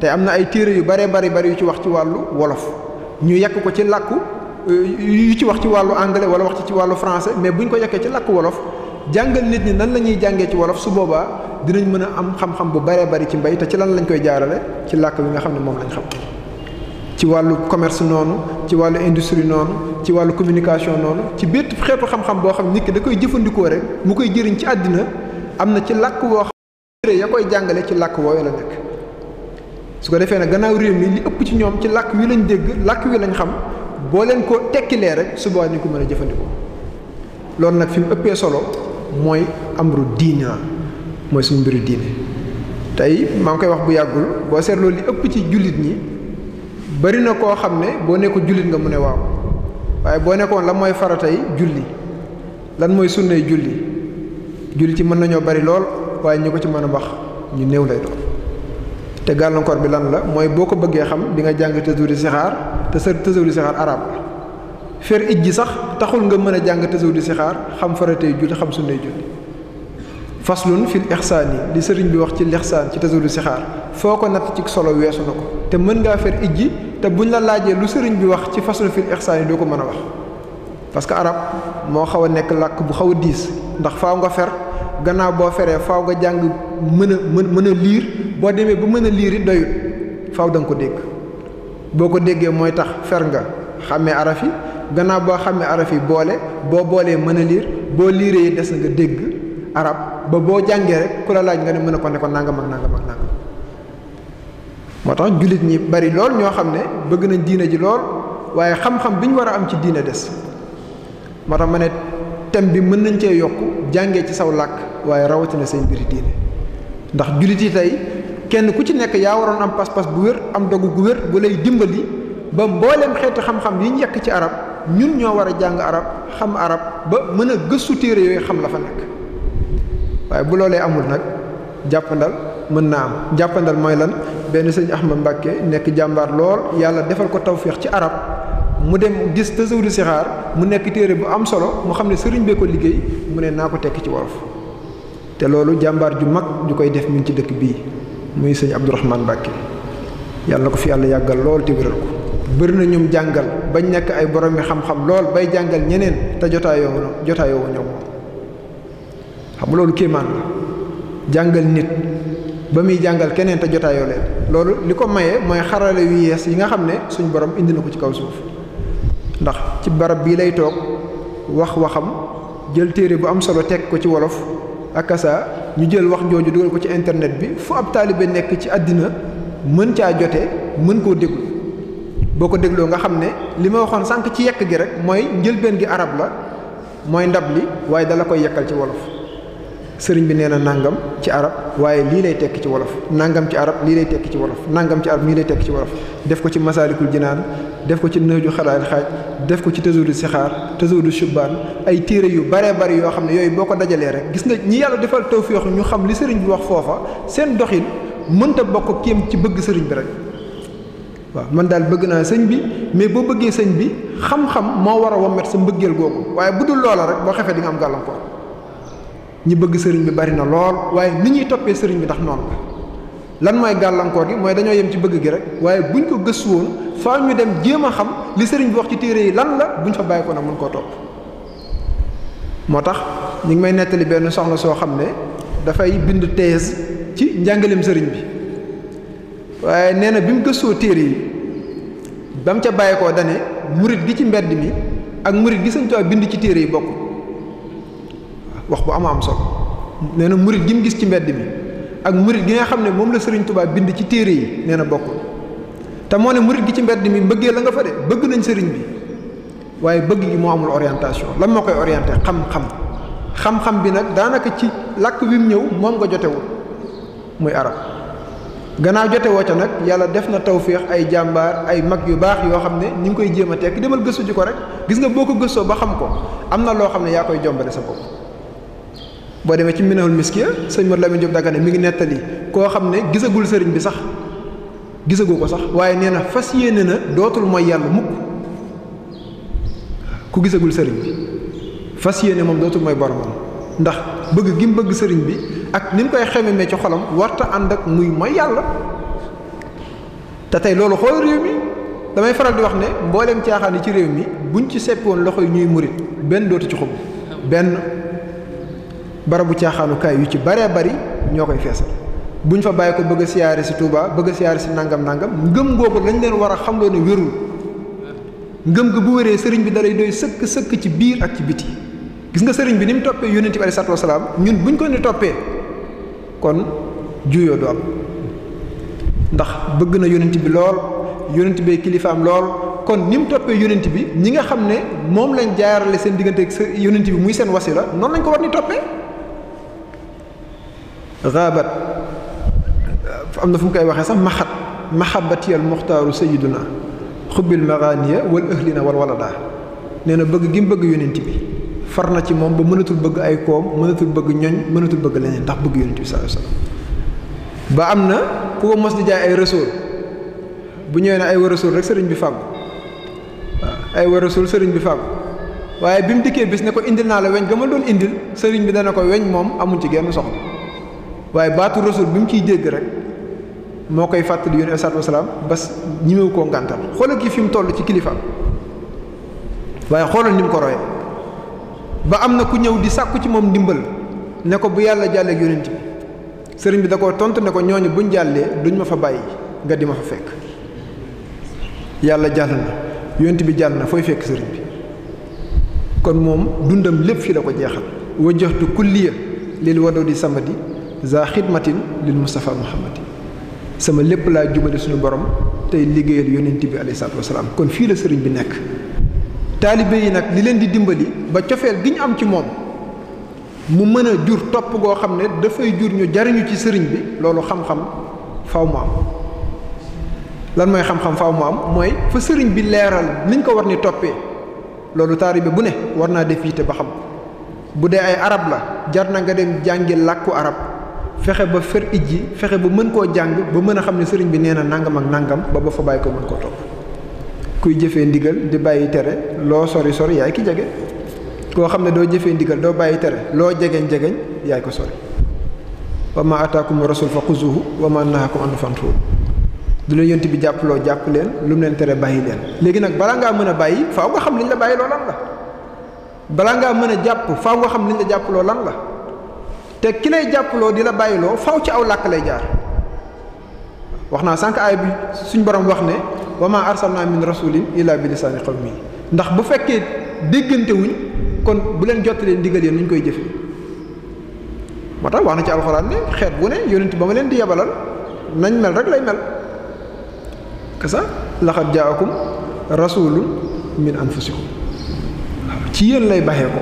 tey am na ay téere yu bare bari bari yu ci wax ci wàllu wolof ñu yekk ko ci làkku euh, yu ci wax ci wàllu anglais wala wax ci ci wàllu français mais bu ñu ko yekkee ci làkk wolof jàngal nit ñi nan la ñuy jàngee ci wolof su boobaa dinañ mën a am xam-xam bu baree bari ci mbay te ci lan lañ koy jaarale ci làkk bi nga xam ne moom lañ xam ci wàllu commerce noonu ci wàllu industrie noonu ci wàllu communication noonu ci bépp xeetu xam-xam boo xam nit ki da koy jëfandikoo rek mu koy jëriñ ci àddina am na ci làkk woo xam ya koy jàngale ci làkk wooyu la nekk su ko defee nag gannaaw réew mi li ëpp ci ñoom ci làkk wi lañ dégg làkk wi lañ xam boo leen ko tekkilee rek suba ñu ko mën a jëfandikoo loolu nag fi mu ëppee solo mooy amru diina mooy suñu mbiru diine tey maa ngi koy wax bu yàggul boo seetloo li ëpp ci jullit ñi bari na koo xam ne boo nekkoon jullit nga mu ne waaw waaye boo nekkoon lan mooy faratay julli lan mooy sunnay julli jullit yi mën nañoo bari lool waaye ñu ko ci mën a wax ñu néew lay doon. te gàllankoor bi lan la mooy boo ko bëggee xam bi nga jàng tasawudu sixaar te sa tasawudu sixaar arab fer ij ji sax taxul nga mën a jàng tasawudu sixaar xam faratey julli xam sunnay julli faslun fil ixsaan yi li sëriñ bi wax ci lixsaan ci tasawudu sixaar foo ko natt ci solo weesu na ko te mën ngaa fer ij ji te buñ la laajee lu sëriñ bi wax ci faslun fil ixsaan yi doo ko mën a wax parce que arab moo xaw a nekk làkk bu xaw a diis ndax faw nga fer gannaaw boo feree faw nga jàng mën a mën mën a liir boo demee bu mën a liir it doyut faaw da nga ko dégg boo ko déggee mooy tax fer nga xàmmee arafi yi gannaaw boo xàmmee araf yi boole boo boolee mën a liir boo liiree yi des nga dégg arab ba boo jàngee rek ku la laaj nga ne mën a ko ne ko nangam ak nangam ak moo tax jullit ñi bari lool ñoo xam ne bëgg nañ diine ji lool waaye xam-xam bi ñu war a am ci diine des moo tax ma ne thème bi mën nañ cee yokk jàngee ci saw làkk waaye rawatina seen mbiri diine ndax jullit yi tey kenn ku ci nekk yaa waroon am pas-pas bu wér am dogu gu wér bu lay dimbali ba mbooleem xeeti xam-xam yi njekk ci arab ñun ñoo war a jàng arab xam arab ba mën a gëstu téere yooyu xam la fa nekk waaye bu loolee amul nag jàppandal mën na am jàppandal mooy lan benn sëñ Ahmad Mbàkke nekk jàmbaar lool yàlla defal ko tawféex ci arab mu dem gis tasawudu sixaar mu nekk téere bu am solo mu xam ne sëriñ bee ko liggéey mu ne naa ko tekk ci wolof te loolu jàmbaar ju mag ju koy def mi ngi ci dëkk bii muy sëñ Abdourahmane Mbacke yàlla na ko fi yàlla yàggal lool te wéral ko bëri na ñum jàngal bañ nekk ay borom yi xam-xam lool bay jàngal ñeneen te jotaayoo jotaayoo ñëw xam loolu kéemaan la jàngal nit ba muy jàngal keneen te jotaayoo leen loolu li ko maye mooy xarale yu yees yi nga xam ne suñ borom indi na ko ci kaw suuf ndax ci barab bii lay toog wax waxam jël téere bu am solo tek ko ci wolof akasa ñu jël wax jooju dugal ko ci internet bi fu ab taalibe nekk ci adina mën caa jote mën koo déglu boo ko nga xam ne lima ma waxoon sànq ci yekk gi rek mooy njëlbeen gi arab la mooy ndab li waaye dala koy yekkal ci wolof sëriñ bi nee na nangam ci arab waaye lii lay tekki ci wolof nangam ci arab lii lay tekki ci wolof nangam ci arab lii lay tekki ci wolof def ko ci masaalikul jinaan def ko ci nëju xalaal xaaj def ko ci tësudu sixaar tësudu subbaan ay téere yu baree bari yoo xam ne yooyu boo ko dajalee rek gis nga ñi yàlla defal tawfiix ñu xam li sëriñ bi wax foofa seen doxin mënta bokk kéem ci bëgg sëriñ bi rek waaw man daal bëgg naa sëñ bi mais boo bëggee sëñ bi xam-xam moo war a wommet sa mbëggeel googu waaye bu dul loola rek boo xefee di nga am gàllankoor ñi bëgg sëriñ bi bari na lool waaye ni ñuy toppee sëriñ bi ndax noon la lan mooy gàllankoor gi mooy dañoo yem ci bëgg gi rek waaye buñ ko gëstu woon faa ñu dem jéem a xam li sëriñ bi wax ci téere yi lan la buñ fa bàyyi ko nag mën koo topp. moo tax ñu ngi may nettali benn soxna soo xam ne dafay bind thèse ci njàngaleem sëriñ bi waaye nee na bi mu gëstoo téere yi ba mu ca bàyyi koo dane murit gi ci mbedd mi ak murit gi Sëriñ Tuubaa bind ci téere yi bokk. wax bu am am solo nee na murit gi mu gis ci mbedd mi ak murit gi nga xam ne moom la Sëriñ tubaab bind ci téere yi nee na bokkul te moo ne murit gi ci mbedd mi mbëggee la nga fa de bëgg nañ sëriñ bi waaye bëgg gi moo amul orientation lan moo koy orienté xam-xam xam-xam bi nag daanaka ci làkk wi mu ñëw moom nga jotewul muy arab gannaaw jote woo ca nag yàlla def na tawféex ay jàmbaar ay mag yu baax yoo xam ne ñu ngi koy jéem a tekk demal gëstu ji ko rek gis nga boo ko gëstoo ba xam ko am na loo xam ne yaa koy jombale sa bopp boo demee ci minahul miskiya sëñ Mor Lamine Diop Dagana mi ngi nettali koo xam ne gisagul sëriñ bi sax gisagu ko sax waaye nee na fas yéene na dootul mooy yàlla mukk ku gisagul sëriñ bi fas yéene moom dootul mooy boromam ndax bëgg gi mu bëgg sëriñ bi ak ni mu koy xememe ci xolam warta ànd ak muy mooy yàlla te tey loolu xool réew mi damay faral di wax ne mbooleem caaxaan yi ci réew mi buñ ci seppi woon loxo yi ñuy murit benn dootu ci xub benn barabu caaxaanukaay yu ci baree bari ñoo koy feesal bu ñu fa bàyyi ko bëgg a siyaare si Touba bëgg siyaare si nangam nangam ngëm googu lañ leen war a xam loo ne wérul ngëm gi bu wéree sëriñ bi dalay doy sëkk sëkk ci biir ak ci biti gis nga sëriñ bi ni mu toppee yonent bi aleyhi salaatu wa salaam ñun buñ ko ni toppee kon juyoo du ndax bëgg na yonent bi lool yonent bee kilifaam lool kon ni mu toppee yonent bi ñi nga xam ne moom lañ jaarale seen diggante ak yonent bi muy seen wasila noonu lañ ko war ni toppee غابت امنا فم كاي وخي صاح محت محبتي المختار سيدنا خب المغانيه والاهلنا والولدا نينا بغ جيم بغ يونتي بي فرنا تي موم با منوتول بغ اي كوم منوتول بغ نيون منوتول بغ لنين تاخ بغ يونتي صلى الله عليه وسلم با امنا كو موس دي جاي اي رسول بو نيونا اي ورسول رك سيرن بي فاب آه، اي ورسول سيرن بي فاب waye bim dikke bis ne ko indil na la weñ gamal don indil serigne bi dana ko weñ mom amu ci genn soxna waaye baatu rasul bi mu ciy dégg rek moo koy fàttali yónni salaatu wasalaam bas ñimewu koo ngàntal xoolal ki fi mu toll ci kilifa waaye xoolal ni mu ko roye ba am na ku ñëw di sàkku ci moom ndimbal ne ko bu yàlla jàllee ak bi sëriñ bi da ko tontu ne ko ñooñu buñ jàllee duñu ma fa bàyyi nga di ma fa fekk yàlla jàll na yonent bi jàll na fooy fekk sëriñ bi kon moom dundam lépp fii la ko jeexal wajjaxtu kulliya lil wadoo di samadi za xidmatin lil Mustafa sama lépp laa jubale suñu borom tey liggéeyal yonent bi alayhi salaatu wasalaam kon fii la sëriñ bi nekk taalibe yi nag li leen di dimbali ba cofeel gi ñu am ci moom mu mën a jur topp goo xam ne dafay jur ñu jariñu ci sëriñ bi loolu xam-xam faw mu am lan mooy xam-xam faw mu am mooy fa sëriñ bi leeral niñ ko war ni toppee loolu taalibe bu ne war naa def yitte ba xam bu dee ay arab la jar na nga dem jàngi làkku arab fexe ba fer ij fexe ba mën koo jàng ba mën a xam ne sëriñ bi nee na nangam ak nangam ba ba fa bàyyi ko mën koo topp kuy jëfee ndigal di bàyyi tere loo sori sori yaay ki jege koo xam ne doo jëfee ndigal doo bàyyi tere loo jegeñ jegeñ yaay ko sori wa ma ataakum rasul fa xuzuhu wa ma nahakum anhu fantuhu du la yonent bi jàppaloo jàpp leen lu mu leen tere bàyyi leen léegi nag balaa ngaa mën a bàyyi faaw nga xam liñ la bàyyi loo lan la balaa ngaa mën a jàpp faaw nga xam liñ la jàppaloo lan la te ki lay jàppaloo di la bàyyiloo faw ci aw làkk lay jaar wax naa sànq aay bi suñ borom wax ne wa ma arsalna min rasulin illa bi lisaani qawmi ndax bu fekkee déggantewuñ wuñ kon bu leen jot jottalee ndigal yéen nuñ koy jëfe moo tax wax na ci alxuraan ne xeet bu ne yonent ba ma leen di yebalal nañ mel rek lay mel kasa laxat jaakum rasulun min anfusikum ci yéen lay baxee ko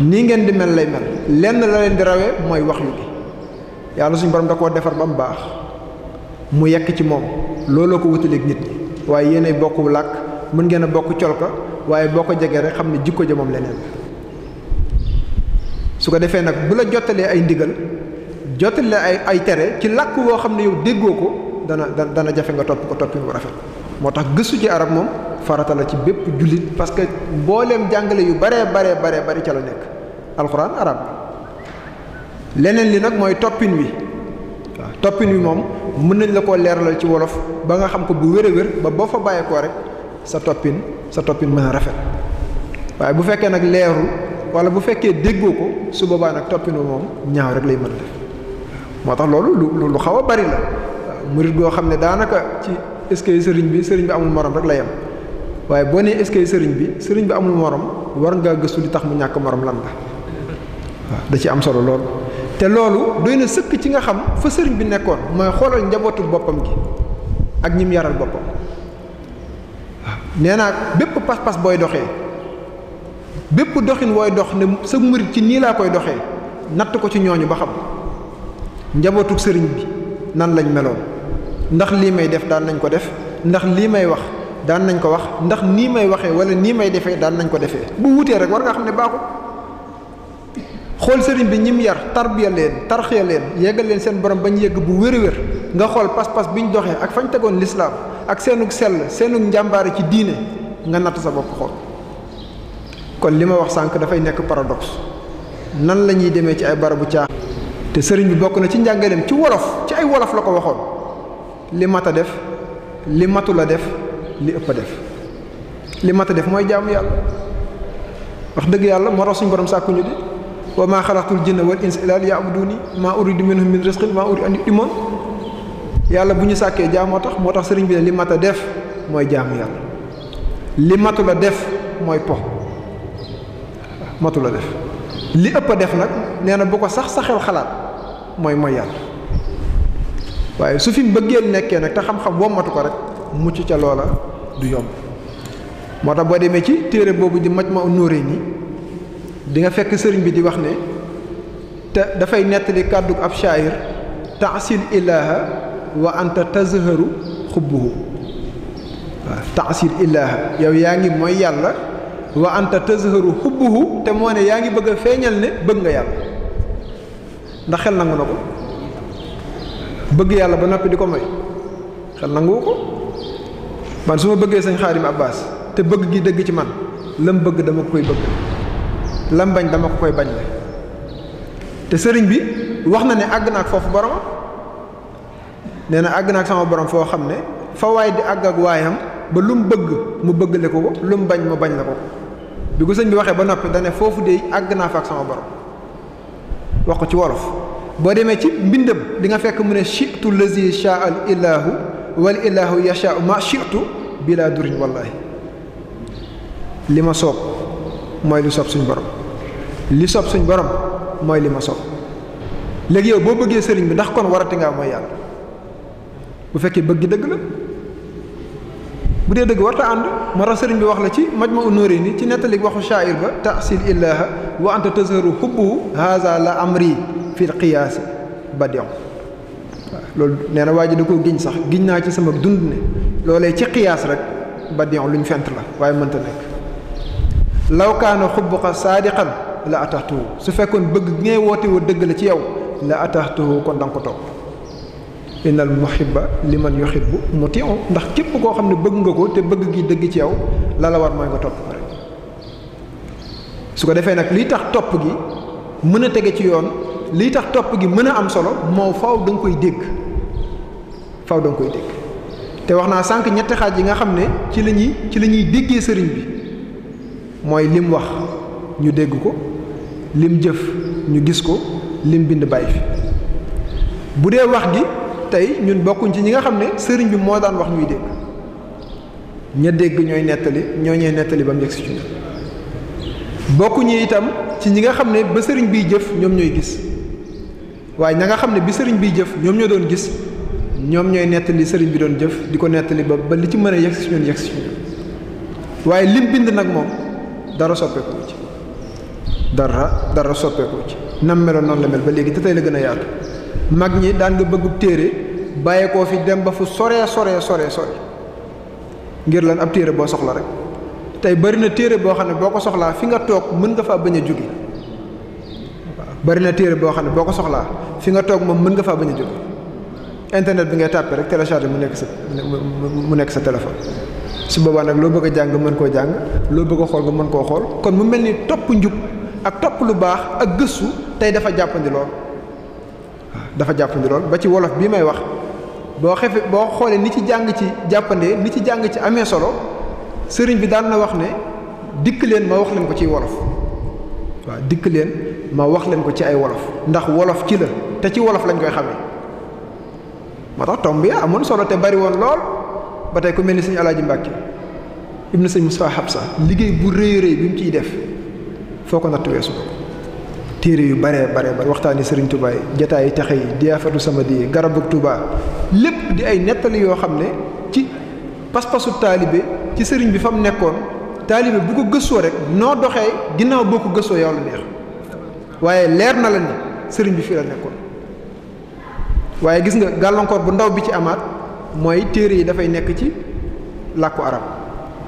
nii ngeen di mel lay mel lenn la leen di rawee mooy wax yu gi yàlla suñu borom da koo defar ba mu baax mu yekk ci moom looloo ko wutaleeg nit ñi waaye yéenay bokku làkk mën ngeen a bokk col ka waaye boo ko jegee rek xam ne jikko ja moom leneen su ko defee nag bu la jottalee ay ndigal jottalee ay ay tere ci làkk woo xam ne yow déggoo ko dana dana jafe nga topp ko toppin bu rafet moo tax gëstu ci arab moom farata la ci bépp jullit parce que mbooleem jàngale yu baree baree baree bari ca la nekk alxuraan arab leneen li nag mooy toppin wi waaw toppin wi moom mën nañ la ko leeralal ci wolof ba nga xam ko bu wér a wér ba boo fa bàyyeekoo rek sa toppin sa toppin mën a rafet waaye bu fekkee nag leeru wala bu fekkee déggoo ko su boobaa nag toppin wi moom ñaaw rek lay mën a moo tax loolu lu lu xaw a bari la murit goo xam ne daanaka est-ce que sëriñ bi sëriñ bi amul morom rek la yem waaye boo nee est-ce sëriñ bi sëriñ bi amul morom war ngaa gëstu di tax mu ñàkk moroom lan la waaw da ci am solo lool. te loolu doy na sëkk ci nga xam fa sëriñ bi nekkoon mooy xoolal njabootu boppam gi ak ñim yaral boppam nee naa bépp pas-pas booy doxee bépp doxin wooy dox ne sa murit ci nii laa koy doxee natt ko ci ñooñu ba xam njabootu sëriñ bi nan lañ meloon. ndax lii may def daan nañ ko def ndax lii may wax daan nañ ko wax ndax nii may waxee wala nii may defee daan nañ ko defee bu wutee rek war nga xam ne baaxul xool sëriñ bi ñim yar tarbiya leen tarxiya leen yeggal leen seen borom bañ yegg bu wér-wér nga xool pas-pas bi ñu doxee ak fañ tegoon lislaam ak seenug sell seenug njàmbaare ci diine nga natt sa bopp xool kon li ma wax sànq dafay nekk paradoxe nan la ñuy demee ci ay barabu caax te sëriñ bi bokk na ci njàngaleem ci wolof ci ay wolof la ko waxoon li mat a def li matul a def li ëpp a def li mat a def mooy jaamu yàlla wax dëgg yàlla moo tax suñu borom sàkkuñu di wa maa xalaatul jinna wal insa illa liya'buduni maa uridu minhum min rizqin maa uridu an yutimon yàlla bu ñu sàkkee jaamoo tax moo tax sëriñ bi li mat a def mooy jaamu yàlla li matul a def mooy po matul a def li ëpp a def nag nee na bu ko sax sa xel xalaat mooy mooy yàlla waaye su fi mbëggeel nekkee nag te xam-xam wommatu ko rek mucc ca loola du yomb moo tax boo demee ci téere boobu di maj ma nóoree ni di nga fekk sëriñ bi di wax ne te dafay nettali kàddu ab shaayir taasil ilaaha wa anta tazharu xubbuhu waaw taasil ilaaha yow yaa ngi mooy yàlla wa anta tazharu xubbuhu te moo ne yaa ngi bëgg a feeñal ne bëgg nga yàlla ndax xel nangu na ko bëgg yàlla ba noppi di ko moy xel nanguwu ko man su ma bëggee sëñ Xaadim Abbas te bëgg gi dëgg ci man lam bëgg dama ko koy bëgg lam bañ dama ko koy bañ la te sëriñ bi wax na ne àgg naa ak foofu boromam nee na àgg na ak sama borom foo xam ne fa waay di àgg ak waayam ba lum mu bëgg mu bëggale ko ko lu mu bañ mu bañ la ko bi ko sëñ bi waxee ba noppi da foofu de àgg naa fa ak sama borom wax ko ci wolof. bo demé ci bindam di nga fekk mune ne lazi sha'al ilahu wal ilahu yashaau ma chitu bila durin wallahi lima ma moy lu soob suñ borom li soob suñ borom moy lima ma soob yow bo beugé sëriñ bi ndax kon warati nga moy yàlla bu fekké bëgg dëgg la bu dé dëgg warta ànd ma ra sëriñ bi wax la ci majma ma unóori ni ci netali waxu sha'ir ba tasil ilaha wa anta tazharu hubbu hadha la amri fil qiyaasi badiu loolu nee na waa ji da koo giñ sax giñ naa ci sama dund ne loolee ci qiyaas rek badion luñ fent la waaye mënta nekk law kaana xubbuka saadiqan la ataxtuhu su fekkoon bëgg gi ngay dëgg la ci yow la ataxtuhu kon da nga ko topp innal muhibba liman yuhibbu mutiu ndax képp koo xam ne bëgg nga ko te bëgg gi dëgg ci yow lala la war mooy nga topp rek su ko defee nag liy tax topp gi mën a tege ci yoon lii tax topp gi mën a am solo moo faw da koy dégg faw da nga koy dégg te wax naa sànq ñetti xaaj yi nga xam ne ci la ñuy ci la ñuy déggee sëriñ bi mooy lim wax ñu dégg ko lim jëf ñu gis ko lim bind bàyyi fi bu dee wax gi tey ñun bokkuñ ci ñi nga xam ne sëriñ bi moo daan wax ñuy dégg ña dégg ñooy nettali ñoo ñee nettali ba mu yegg si ci bokkuñu itam ci ñi nga xam ne ba sëriñ biy jëf ñoom ñooy gis way ña nga ne bi sëriñ bi jëf ñom ñoo doon gis ñom ñoy netali sëriñ bi doon jëf diko netali ba ba li ci mëna yex ci ñun yex ci way lim bind nak mom dara ko ci dara dara ko ci nam mel non la mel ba légui te la gëna yaatu mag ñi daan nga téré bayé ko fi dem ba fu soré soré soré sore ngir lan ab téré bo soxla rek tay bari na téré bo xamne boko soxla fi nga tok mën nga fa jugi bari na téré bo xamné boko soxla fi nga tok mom mën nga fa bañu jog internet bi ngay tapé rek télécharger mu nek sa mu nek sa téléphone su boba nak lo bëgg a jàng mën ko jàng lo bëgg xol xool nga mën ko xol kon mu melni top njub ak top lu bax ak gëssu tay dafa jappandi lool dafa jappandi lool ba ci wolof bi may wax bo xef bo xolé ni ci jàng ci jappandé ni ci jàng ci amé solo sëriñ bi daan na wax ne dik leen ma wax leen ko ci wolof waa dikk leen ma wax leen ko ci ay wolof ndax wolof ci la te ci wolof lañ koy xamee moo tax tomb ya amoon solo te bari woon lool ba tey ku mel ni sëñ Alaaji Mbàkke ibnu sëñ Moussa Habsa liggéey bu rëy rëy bi mu ciy def foo ko natt weesu téere yu bare bare bare waxtaani sëriñ Tuubaa yi jataay yi taxe yi diyaafatu sama di garabu Tuubaa lépp di ay nettali yoo xam ne ci pas-pasu taalibe ci sëriñ bi fa mu nekkoon taalibe bu ko gëstoo rek noo doxee ginnaaw boo ko gëstoo yow la neex waaye leer na la ni sëriñ bi fii la nekkoon waaye gis nga gàllankoor bu ndaw bi ci amaat mooy téere yi dafay nekk ci làkku arab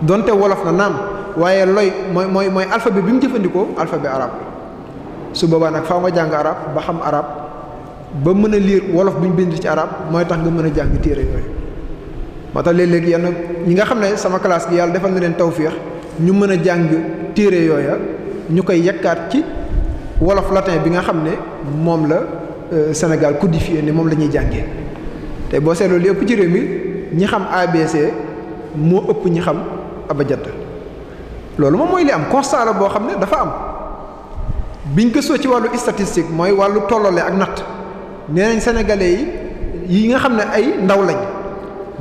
donte wolof na naam waaye loy mooy mooy mooy alphabet bi mu jëfandikoo alphabet arab su boobaa nag faaw nga jàng arab ba xam arab ba mën a liir wolof bi ñu bind ci arab mooy tax nga mën a jàng téere yooyu moo tax léeg-léeg yenn ñi nga xam ne sama kalaas gi yàlla defal na leen tawféex ñu mën a jàng téere yooya ñu koy yakkaat ci wolof latin bi nga xam ne moom la euh, Sénégal codifié ne moom lañuy ñuy te boo seetloo li ëpp ci réew mi ñi xam ABC moo ëpp ñi xam abajada loolu moom mooy li am constat la boo xam ne dafa am biñ gëstoo ci wàllu statistique mooy wàllu tollale ak natt nee nañ sénégalais yi yi nga xam ne ay ndaw lañ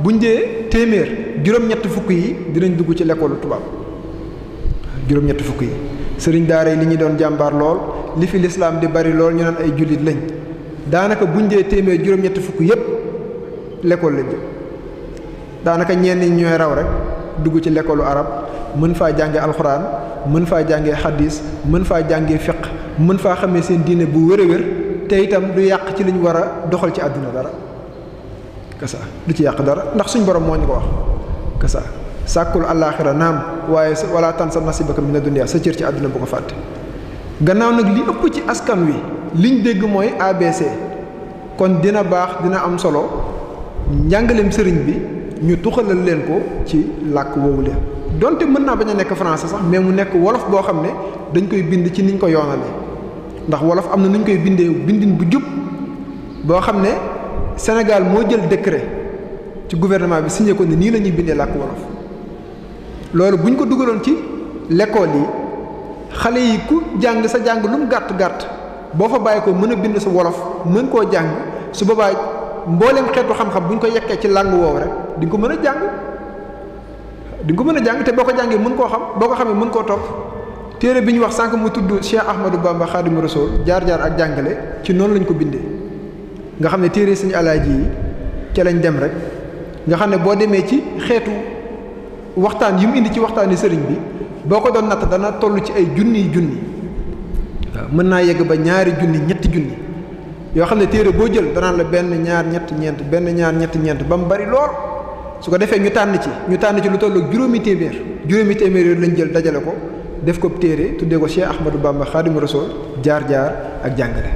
buñ dee téeméer juróom-ñett fukk yi dinañ dugg ci lekkoolu tubaab juróom-ñetti fukk yi sëriñ daara yi li ñu doon jàmbaar lool li fi lislaam di bari lool ñeneen ay jullit lañ daanaka buñ dee téeméer juróom-ñetti fukk yépp l'école lañ daanaka ñenn ñi ñooy raw rek dugg ci lekkoolu arab mën faa jànge alxuraan mën faa jàngee xadis mën faa jànge fiq mën faa xamee seen diine bu wér a wér te itam du yàq ci li ñu war a doxal ci àdduna dara kasa du ci yàq dara ndax suñu borom moo ñu ko wax kasa sàkkul àllaaxira naam waaye wala tan sa nasibaka mina dunya sa cër ci àdduna bu ko fàtte gannaaw nag li ëpp ci askan wi liñ dégg mooy ABC kon dina baax dina am solo njàngaleem sëriñ bi ñu tuxalal leen ko ci làkk woowu leen donte mën naa bañ a nekk français sax mais mu nekk wolof boo xam ne dañ koy bind ci niñ ko yoonalee ndax wolof am na nuñ koy bindee bindin bu jub boo xam ne Sénégal moo jël décret ci gouvernement bi signé ko ne nii la ñuy bindee làkk loolu bu ñu ko dugaloon ci lekkool yi xale yi ku jàng sa jàng lu mu gàtt gàtt boo fa bàyyi ko mën a bind sa wolof mën koo jàng su boobaa mbooleem xeetu xam-xam bu ñu ko yekkee ci làng woow rek di ko mën a jàng di ko mën a jàng te boo ko jàngee mën koo xam boo ko xamee mën koo topp téere bi ñu wax sànq mu tudd Cheikh Ahmadou Bamba Xaadimu Rasuul jaar-jaar ak jàngale ci noonu lañ ko bindee nga xam ne téere suñu alaaji yi ca lañ dem rek nga xam ne boo demee ci xeetu. waxtaan yi mu indi ci waxtaani sëriñ bi boo ko doon natt dana tollu ci ay junniy junni mën naa yegg ba ñaari junni ñetti junni yoo xam ne téere boo jël danaan la benn ñaar ñett ñeent benn ñaar ñetti ñeent ba mu bari lool su ko defee ñu tànn ci ñu tànn ci lu toll ak juróomi téeméer juróomi téeméer yooyu lañ jël dajale ko def ko téere tuddee ko Cheikh Ahmadou Bamba Xaadimu Rasuul jaar-jaar ak jàngale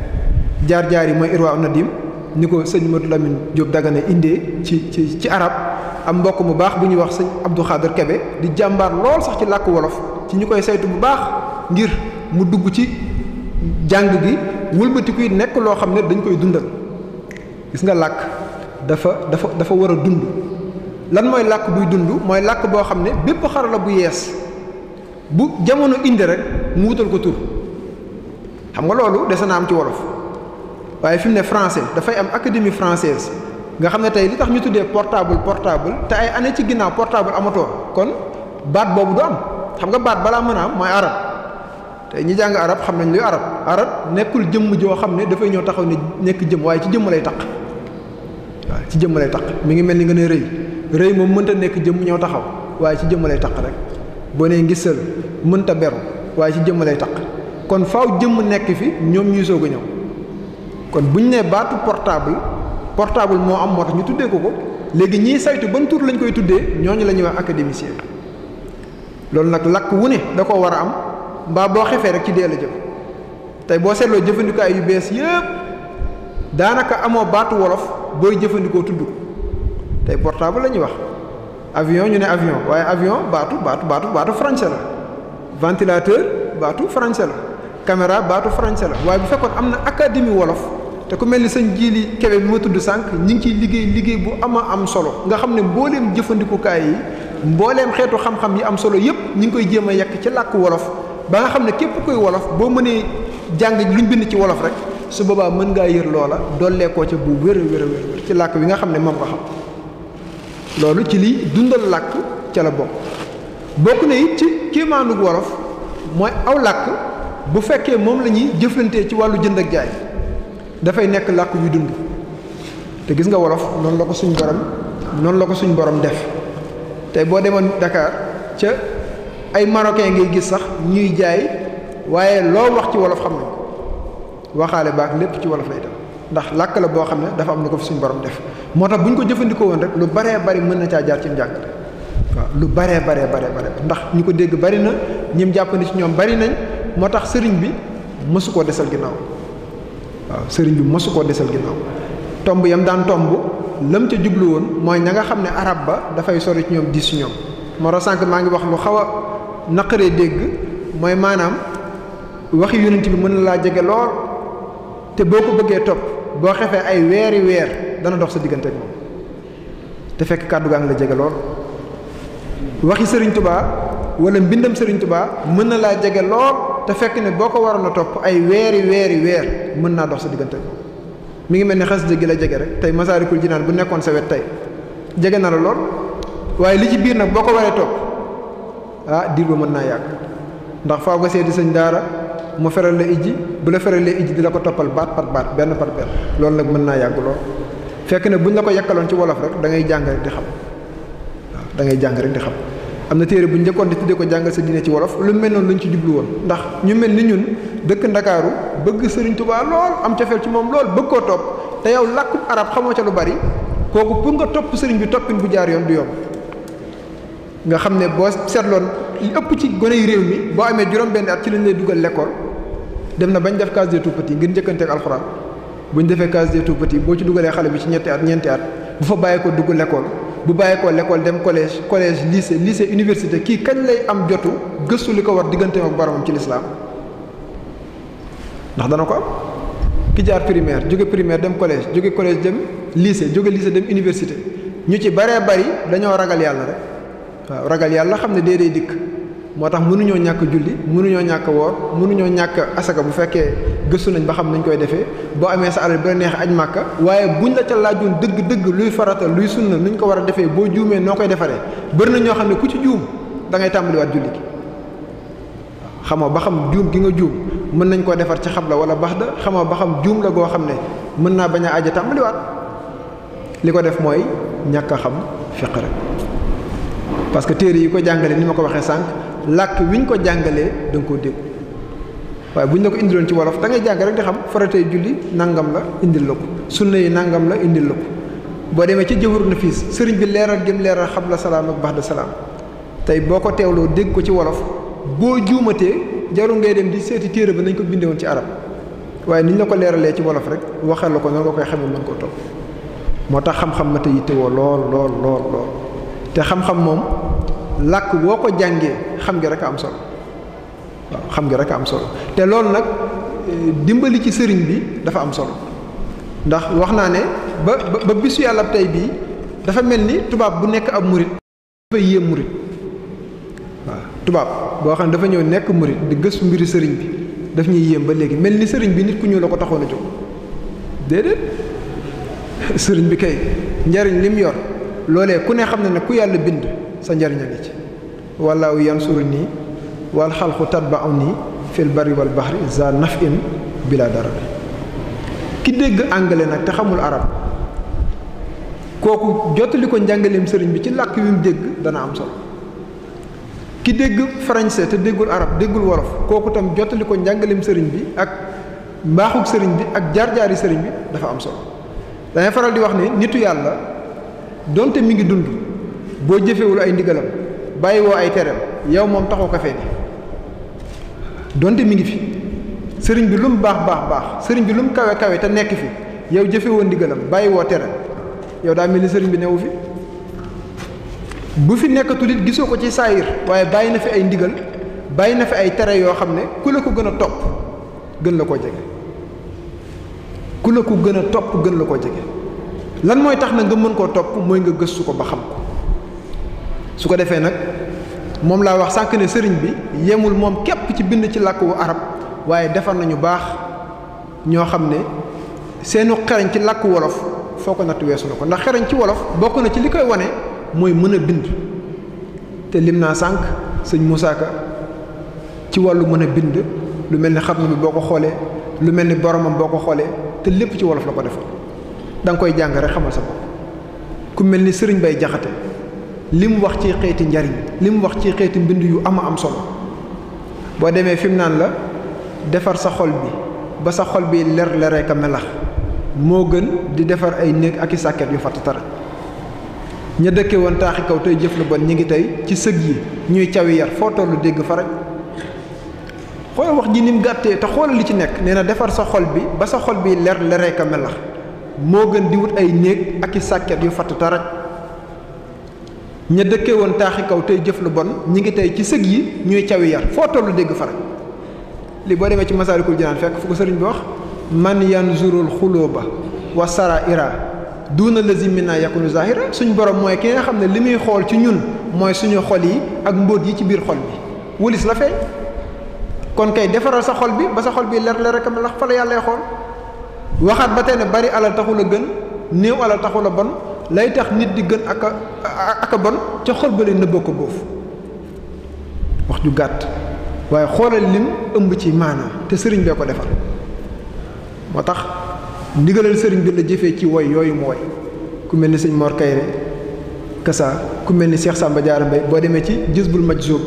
jaar-jaar yi mooy Irwa Nadim ni ko sëñ Modou Lamine Diop Dagana indee ci ci ci arab am mbokk mu baax bu ñuy wax sëñ Abdou Khader Kebe di jàmbaar lool sax ci làkk wolof ci ñu koy saytu bu baax ngir mu dugg ci jàng gi wëlbatikuy nekk loo xam ne dañ koy dundal gis nga làkk dafa dafa dafa war a dund lan mooy làkk buy dund mooy làkk boo xam ne bépp xarala bu yees bu jamono indi rek mu wutal ko tur xam nga loolu dese na am ci wolof waaye fi mu ne français dafay am académie française nga xam ne tey li tax ñu tuddee portable portable te ay année ci ginnaaw portable amatoo kon baat boobu du am xam nga baat balaa mën a am mooy arab te ñi jàng arab xam nañ luy arab arab nekkul jëmm joo xam ne dafay ñëw taxaw ne nekk jëmm waaye ci jëmm lay taq waaw ci jëmm lay taq mi ngi mel ni nga ne rëy rëy moom mënta nekk jëmm ñoo taxaw waaye ci jëmm lay taq rek boo nee ngi sël mënta beru waaye ci jëmm lay taq kon faaw jëmm nekk fi ñoom ñuy soog a ñëw. kon bu ñu nee baatu portable portable moo am moo tax ñu tuddee ko ko léegi ñii saytu ban tur lañ koy tuddee ñooñu la ñuy wax académicien loolu nag lakk wu ne da koo war a am mbaa boo xefee rek ci dee la jëm tey boo seetloo jëfandikaay yu bees yëpp daanaka amoo baatu wolof booy jëfandikoo tudd ko tey portable la ñuy wax avion ñu ne avion waaye avion baatu baatu baatu baatu français la ventilateur baatu français la caméra baatu français la waaye bu fekkoon am na académie wolof te ku mel ni sëñ Jili Kebe bi ma tudd sànq ñi ngi ciy liggéey liggéey bu ama am solo nga xam ne mbooleem jëfandikukaay yi mbooleem xeetu xam-xam yi am solo yëpp ñi ngi koy jéem a yekk ci làkk wolof ba nga xam ne képp koy wolof boo mënee jàng luñ bind ci wolof rek su boobaa mën ngaa yér loola dolleekoo ca bu wér a wér ci làkk bi nga xam ne moom nga xam loolu ci liy dundal làkk ca la bokk bokk na it ci kéemaanug wolof mooy aw làkk bu fekkee moom la ñuy ci wàllu jënd jaay dafay nekk làkk yu dund te gis nga wolof noonu la ko suñu borom noonu la ko suñ borom def tey boo demoon Dakar ca ay marocain ngay gis sax ñuy jaay waaye loo wax ci wolof xam nañ ko waxaale baak lépp ci wolof lay dem ndax làkk la boo xam ne dafa am na ko fi suñu borom def moo tax bu ñu ko jëfandikoo woon rek lu bare bari mën na caa jaar ci njàng waaw lu baree baree baree bare ndax ñu ko dégg bari na ñim jàppandi ci ñoom bari nañ moo tax sëriñ bi mësu koo desal ginnaaw waaw sëriñ bi mosu koo desal ginnaaw tomb yam daan tomb lam ca jublu woon mooy ña nga xam ne arab ba dafay sori ci ñoom di si ñoom moro sànq maa ngi wax lu xawa a naqaree dégg mooy maanaam waxi yonent bi mën na laa jege lool te boo ko bëggee topp boo xefee ay weeri weer dana dox sa diggante ak moom te fekk kàddu gaa ngi la jege lool waxi sëriñ tubaa wala mbindam sëriñ tubaa mën na laa jege lool te fekk ne boo ko waroon a topp ay weeri weeri weer mën naa dox sa diggante mi ngi mel ni xes gi la jege rek tey Masaalikul Jinaan bu nekkoon sa wet tey jege na la lool waaye li ci biir nag boo ko waree topp ah diir ba mën naa yàgg ndax faaw nga seeti sëñ daara mu feral la ijji bu la feralee ijji di la ko toppal baat par baat benn par benn loolu nag mën naa yàgg lool fekk ne buñ la ko yekkaloon ci wolof rek da ngay jàng rek di xam waaw da ngay jàng rek di xam am na téere bu njëkkoon di tuddee ko jàng sa diine ci wolof lu mel noonu lañ ci jublu woon ndax ñu mel ni ñun dëkk ndakaaru bëgg sëriñ tubaa lool am cofeel ci moom lool bëgg koo topp te yow làkkub arab xamoo ca lu bari kooku pour nga topp sëriñ bi toppin bu jaar yoon du yomb nga xam ne boo seetloon li ëpp ci gone yi réew mi boo amee juróom-benn at ci lañ lay dugal l'école dem na bañ def case des tout-petits ngir njëkkanteeg alxuraan buñ defee case des boo ci dugalee xale bi ci ñetti at ñeenti at bu fa bàyyi ko dugg l'école bu bàyyi ko lekkool dem collège collège lycée lycée université kii kañ lay am jotu gëstu li ko war digganteem ak boromam ci lislaam ndax dana ko am ki jaar primaire jóge primaire dem collège jóge collège dem lycée jóge lycée dem université ñu ci baree bari dañoo ragal yàlla rek waaw ragal yàlla xam ne dee dee dikk moo tax mënuñoo ñàkk julli mënuñoo ñàkk woor mënuñoo ñàkk asaka bu fekkee gëstu nañ ba xam nañ koy defee boo amee sa alal bi la neex aj màkka waaye buñ la ca laajoon dëgg dëgg luy farata luy sunna nuñ ko war a defee boo juumee noo koy defaree bari na ñoo xam ne ku ci juum dangay ngay tàmbaliwaat julli gi xamoo ba xam juum gi nga juum mën nañ koo defar ci xab la wala bax da xamoo ba xam juum la goo xam ne mën naa bañ a aja tàmbaliwaat li ko def mooy ñàkk xam fiq parce que téere yi ko jàngale ni ma ko waxee sànq làkk wi ñu ko jàngalee da nga koo dégg waaye bu ñu la ko indiloon ci wolof da ngay jàng rek di xam faratay julli nangam la indil la ko sunna yi nangam la indil la ko boo demee ci jëwër na fiis sëriñ bi leeral gëm leeral xam la salaam ak baax da salaam tey boo ko teewloo dégg ko ci wolof boo juumatee jarul ngay dem di seeti téere bi nañ ko bindewoon ci arab waaye ni ñu la ko leeralee ci wolof rek waxal la ko noonu nga koy xamee mën koo topp moo tax xam-xam ma te yittewoo lool te xam moom làkk woo ko jàngee xam ngi rek am solo waaw xam ngi rek am solo te loolu nag eh, dimbali ci sëriñ bi dafa am solo ndax wax naa ne ba ba bisu yàlla tey bii dafa mel ni tubaab bu nekk ab murit dafa yéem tubaab boo xam ne dafa ñëw nekk murit di gëstu mbiri sëriñ bi daf ñuy yéem ba léegi mel ni sëriñ bi nit ku ñuul la ko taxoon a jóg déedéet sëriñ bi kay njariñ lim yor loolee ku ne xam ne ne ku yàlla bind sa njariñ a ngi ci wallahu yansuruni wal khalqu tatba'uni fil barri wal bahri za naf'in bila darar ki dégg anglais nak te xamul arab koku jotali ko njangalem serign bi ci lak yu deg dana am solo ki dégg français te arab degul wolof koku tam jotali ko njangalem serign bi ak mbaxuk serign bi ak jar jaari serign bi dafa am solo dañ faral di wax ni nitu yalla donte mi ngi boo jëfewul ay ndigalam bàyyiwoo woo ay teram yow moom taxu ko fee donte mi ngi fi sëriñ bi lu mu baax baax baax sëriñ bi lu mu kawe kawe te nekk fi yow jëfewoo ndigalam bàyyi woo teram yow daa mel ni sëriñ bi newu fi bu fi nekkatul it gisoo ko ci saayir waaye bàyyi na fi ay ndigal bàyyi na fi ay tere yoo xam ne ku la ko gën a topp gën la koo jege ku la ko gën a topp gën la koo jege lan mooy tax na nga mën koo topp mooy nga gëstu ko ba xam ko su ko defee nag moom laa wax sànq ne sëriñ bi yemul moom képp ci bind ci làkk wu arab waaye defar nañu baax ñoo xam ne seenu xereñ ci làkku wolof foo ko natt weesu na ko ndax xereñ ci wolof bokk na ci li koy wane mooy mën a bind te lim naa sànq sëñ Moussa Ka ci wàllu mën a bind lu mel ni xam na bi boo ko xoolee lu mel ni boromam boo ko xoolee te lépp ci wolof la ko defal danga koy jàng rek xamal sa bopp ku mel ni sëriñ bay jaxate li mu wax ci xeeti njariñ li mu wax ci xeeti mbind yu ama am solo boo demee fi mu naan la defar sa xol bi ba sa xol bi ler leree ka melax moo gën di defar ay néeg ak i sàkket yu fatt tara ña dëkke woon taaxi kaw jëf lu bon ñu ngi tey ci sëg ñuy cawi yar foo tollu dégg faraj xool wax ji ni mu te xoolal li ci nekk nee na defar sa xol bi ba sa xol bi ler leree ka melax moo gën di wut ay néeg ak i sàkket yu fatt taraj ñi dëkke won taxi kaw tay jëf lu bon ñi ngi tay ci sëg yi ñuy cawi yar fo tollu dégg fa rek li bo démé ci masaalikul jinan fekk fu ko sëriñ bi wax man yanzurul khuluba wa saraira duna lazim min yakunu zahira suñ borom moy ki nga xamné limi xol ci ñun moy suñu xol yi ak mbóot yi ci bir xol bi wulis la fay kon kay defaral sa xol bi ba sa xol bi lér lér rek ndax fa la yàllay xool waxaat ba tey ne bari ala taxu la gën néew ala taxu la bon lay tax nit di gën ak a ak a bon ca xol ba leen nëbba ko boofu wax ju gàtt waaye xoolal lim ëmb ci maanaam te sëriñ bee ko defal moo tax ndigalal sëriñ bi la jëfee ci woy yooyu mu woy ku mel ni sëñ Mor Kayre Kasa ku mel ni Cheikh Samba Diarra Mbaye boo demee ci Jazbul Majzub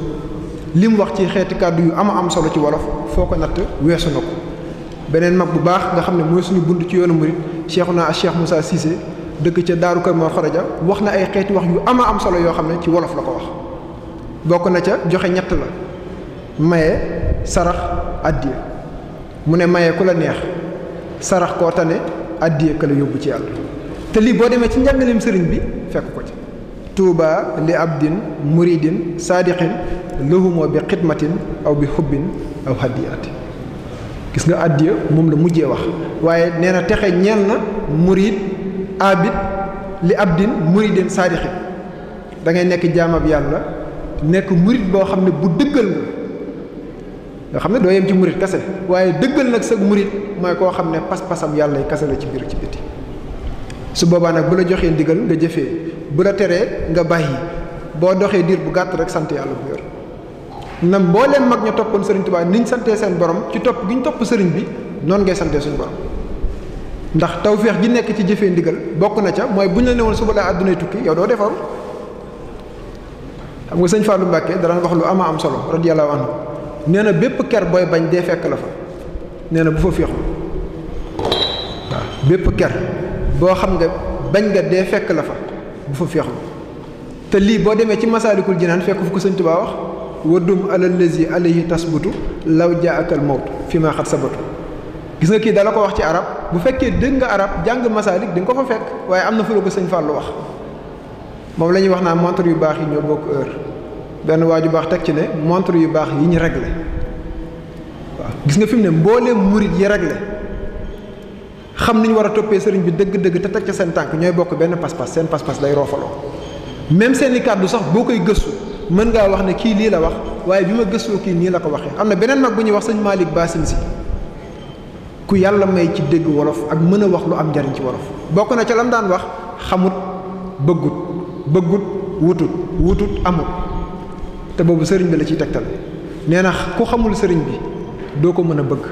li mu wax ci xeeti kàddu yu ama am solo ci wolof foo ko natt weesu na ko beneen mag bu baax nga xam ne mooy suñu bunt ci yoonu murit naa Cheikh Moussa Cissé deug ci daru kër mo xaraja waxna ay xeeti wax yu ama am solo yo xam ci wolof lako wax bokk na ca joxe ñett la maye sarax addiye mu ne maye kula neex sarax ko tane addiye ka la ci yalla te li bo demé ci ñangalim sëriñ bi fekk ko ci li abdin muridin sadiqin lahumoo bi khidmatin aw bi hubbin aw haddiyaati gis nga addiya mom la mujjé wax waye neena texé na murid abid li abdin muridin sadiq da ngay nekk jaamab yalla nek murid bo xamne ne bu deugal nga xamne do ne yem ci murid kasse waaye deugal nak sa murid moy ko xamne ne pas-pasam yàlla kase la ci bir ci biti su boba nak bu la joxe ndigal nga jefe bu la tere nga bayyi bo doxé dir bu gatt rek sant yalla bu yor na mbooleem mag ñu toppoon serigne touba niñ sante sen borom ci top giñ top serigne bi non ngay sante suñu borom ndax tawfiix gi nekk ci jëfee ndigal bokk na ca mooy buñ ñu la newoon suba la àdduna tukki yow doo defaru xam nga sëñ Fallou Mbacke dara wax lu ama am solo radiyallahu anhu nee na bépp ker booy bañ dee fekk la fa nee na bu fa féexul bépp ker boo xam nga bañ nga dee fekk la fa bu fa féexlu te lii boo demee ci masaalikul jinaan fekk fu ko sëñ Tuubaa wax wadum alal lazi alayhi tasbutu law jaakal mawt fi maa xat sabatu gis nga kii dala ko wax ci arab bu fekkee dëgg nga arab jàng masaalik di nga ko fa fekk waaye am na fu la ko sëñ Fallou wax moom la ñuy wax naa montre yu baax yi ñoo bokk heure benn waa ju baax teg ci ne montre yu baax yi ñu réglé waaw gis nga fi mu ne mbooleem murit yi réglé xam ni ñu war a toppee sëriñ bi dëgg-dëgg te teg ca seen tànk ñooy bokk benn pas-pas seen pas-pas day roofaloo même seen i kàddu sax boo koy gëstu mën ngaa wax ne kii lii la wax waaye bi ma gëstoo kii nii la ko waxee am na beneen mag bu ñuy wax sëñ Malick Bassine si ku yàlla may ci dégg wolof ak mën a wax lu am njariñ ci wolof bokk na ca lan daan wax xamut bëggut bëggut wutut wutut amut te boobu sëriñ bi la ciy tegtal nee na ku xamul sëriñ bi doo ko mën a bëgg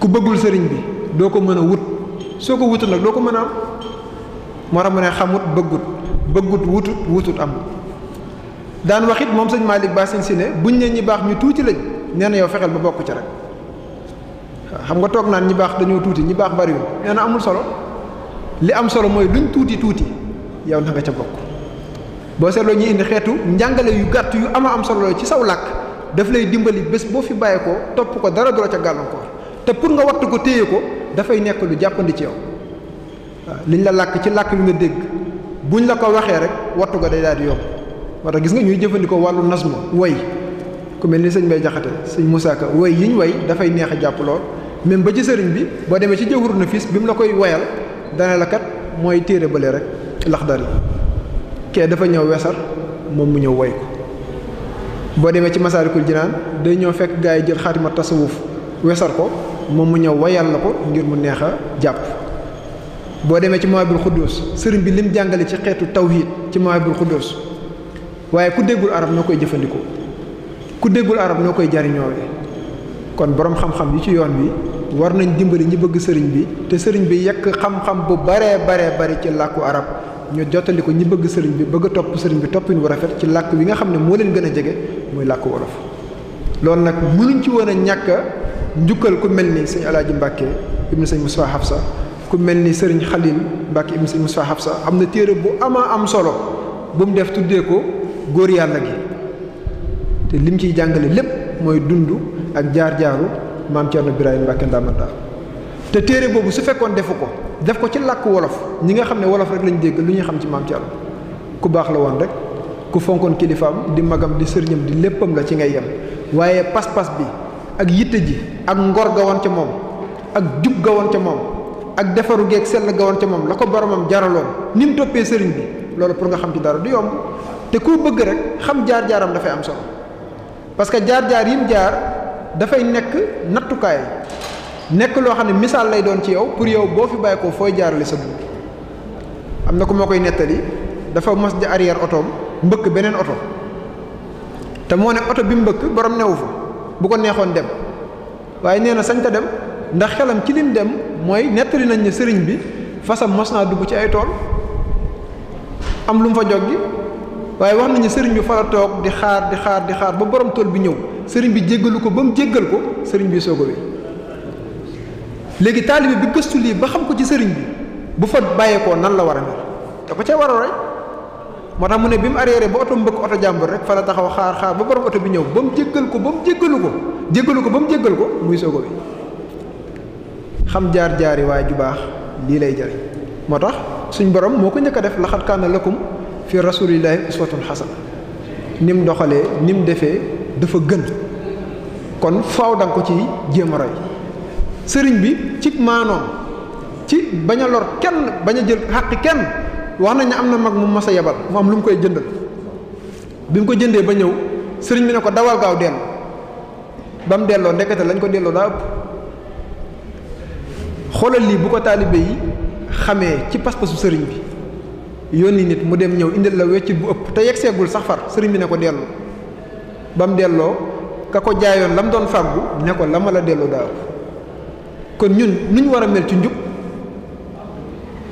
ku bëggul sëriñ bi doo ko mën a wut soo ko wutut nag doo ko mën a am moo tax mu ne xamut bëggut bëggut wutut wutut amut daan wax it moom sëñ Malick Ba Sine ne buñ ne ñi baax ñu tuuti lañ nee na yow fexeel ba bokk ca rek. xam nga toog naan ñi baax dañoo tuuti ñi baax bariwul nee na amul solo li am solo mooy luñ tuuti tuuti yow na nga ca bokk boo seetloo ñi indi xeetu njàngale yu gàtt yu ama am solo ci saw làkk daf lay dimbali bés boo fi bàyyi ko topp ko dara du la ca gàllankoor te pour nga wattu ko téye ko dafay nekk lu jàppandi ci yow liñ la làkk ci làkk bi nga dégg buñ la ko waxee rek wattu ko day daal di yomb moo gis nga ñuy jëfandikoo wàllu nasma woy ku mel ni sëñ Mbay Jaxate sëñ Musaa Ka woy yiñ woy dafay neex a jàpp lool même ba ci sëriñ bi boo demee ci jawhurun nafis bi mu la koy woyal dana la mooy téere bële rek laxdar yi kee dafa ñëw wesar moom mu ñëw woy ko boo demee ci masaalikul jinaan day ñëw fekk gaa yi jël xaatima tasawuf wesar ko moom mu ñëw woyal la ko ngir mu neex a jàpp boo demee ci mawahibul xuddoos sëriñ bi lim jàngale ci xeetu tawhid ci mawahibul xuddoos waaye ku déggul arab noo koy jëfandikoo ku déggul arab noo koy jariñoo kon borom xam-xam ci yoon wi war nañ dimbali ñi bëgg sëriñ bi te sëriñ bi yekk xam-xam bu baree baree bari ci làkku arab ñoo jottali ko ñi bëgg sëriñ bi bëgg topp sëriñ bi toppin wu rafet ci làkk wi nga xam ne moo leen gën a jege muy làkk wolof loolu nag mënuñ ci woon a ñàkk njukkal ku mel ni sëñ alaaji Mbàkke ibnu sëñ Moussa sa ku mel ni sëriñ Xalil Mbàkke ibnu sëñ Moussa sa am na téere bu ama am solo bu mu def tuddee ko góor yàlla gi te lim ciy jàngale lépp mooy dund ak jaar-jaaru maam Thierno Birahim Mbacke Ndamanda te téere bobu su fekkon defuko def ko ci lak wolof ñi nga xamne wolof rek lañ dégg lu xam ci mam cerno ku bax la won rek ku fonkon kilifaam di magam di di leppam la ci ngay yam waaye pas-pas bi ak yitte ji ak ngor ga won ci mom ak djub ga won ci mom ak defaru geek sel ga won ci mom lako boromam jaralo nim topé toppee bi lolu pour nga xam ci dara du yomb te ku bëgg rek xam jaar jaaram fay am solo parce que jaar jaar yim jaar dafay nekk nattukaay nekk loo xam ne misaal lay doon ci yow pour yow boo fi bàyyi ko fooy jaarale sa dund am na ko moo koy nettali dafa mos di arrière otoom mbëkk beneen oto te moo ne oto bi mbëkk borom newu fa bu ko neexoon dem waaye nee na sañ ta dem ndax xelam ci lim dem mooy nettali nañ ne sëriñ bi fasam mos naa dugg ci ay tool am lu mu fa joggi waaye wax nañu sëriñ bi fa la toog di xaar di xaar di xaar ba borom tool bi ñëw sëriñ bi jéggalu ko ba mu jéggal ko sëriñ bi soog a wér léegi taalibe bi gëstu lii ba xam ko ci sëriñ bi bu fa bàyyeekoo nan la war a mel te ko ca war a roy moo tax mu ne bi mu arrière ba oto mbëkk oto jàmbur rek fa la taxaw xaar xaar ba borom oto bi ñëw ba mu jéggal ko ba mu jéggalu ko jéggalu ko ba mu jéggal ko muy soog a xam jaar jaari waaye ju baax lii lay jëriñ moo tax suñu borom moo ko njëkk a def laxat kaana lakum fi rasulillahi uswatun xasana ni mu doxalee ni mu defee dafa gën kon faw da ko ci jéema a roy sëriñ bi ci maanoom ci bañ a lor kenn bañ a jël xàq kenn wax nañ am na mag mu mas yebal mu am lu mu koy jëndal bi mu ko jëndee ba ñëw sëriñ bi ne ko dawal gaaw dellu ba mu delloo ndekete lañ ko delloo daa ëpp xoolal lii bu ko taalibe yi xamee ci pas-pasu sëriñ bi yónni nit mu dem ñëw indil la weccit bu ëpp te yegg seegul sax sëriñ bi ne ko dellu ba mu delloo ka ko jaayoon la mu doon fàggu ne ko la ma la delloo daa ëpp kon ñun nuñ war a mel ci njub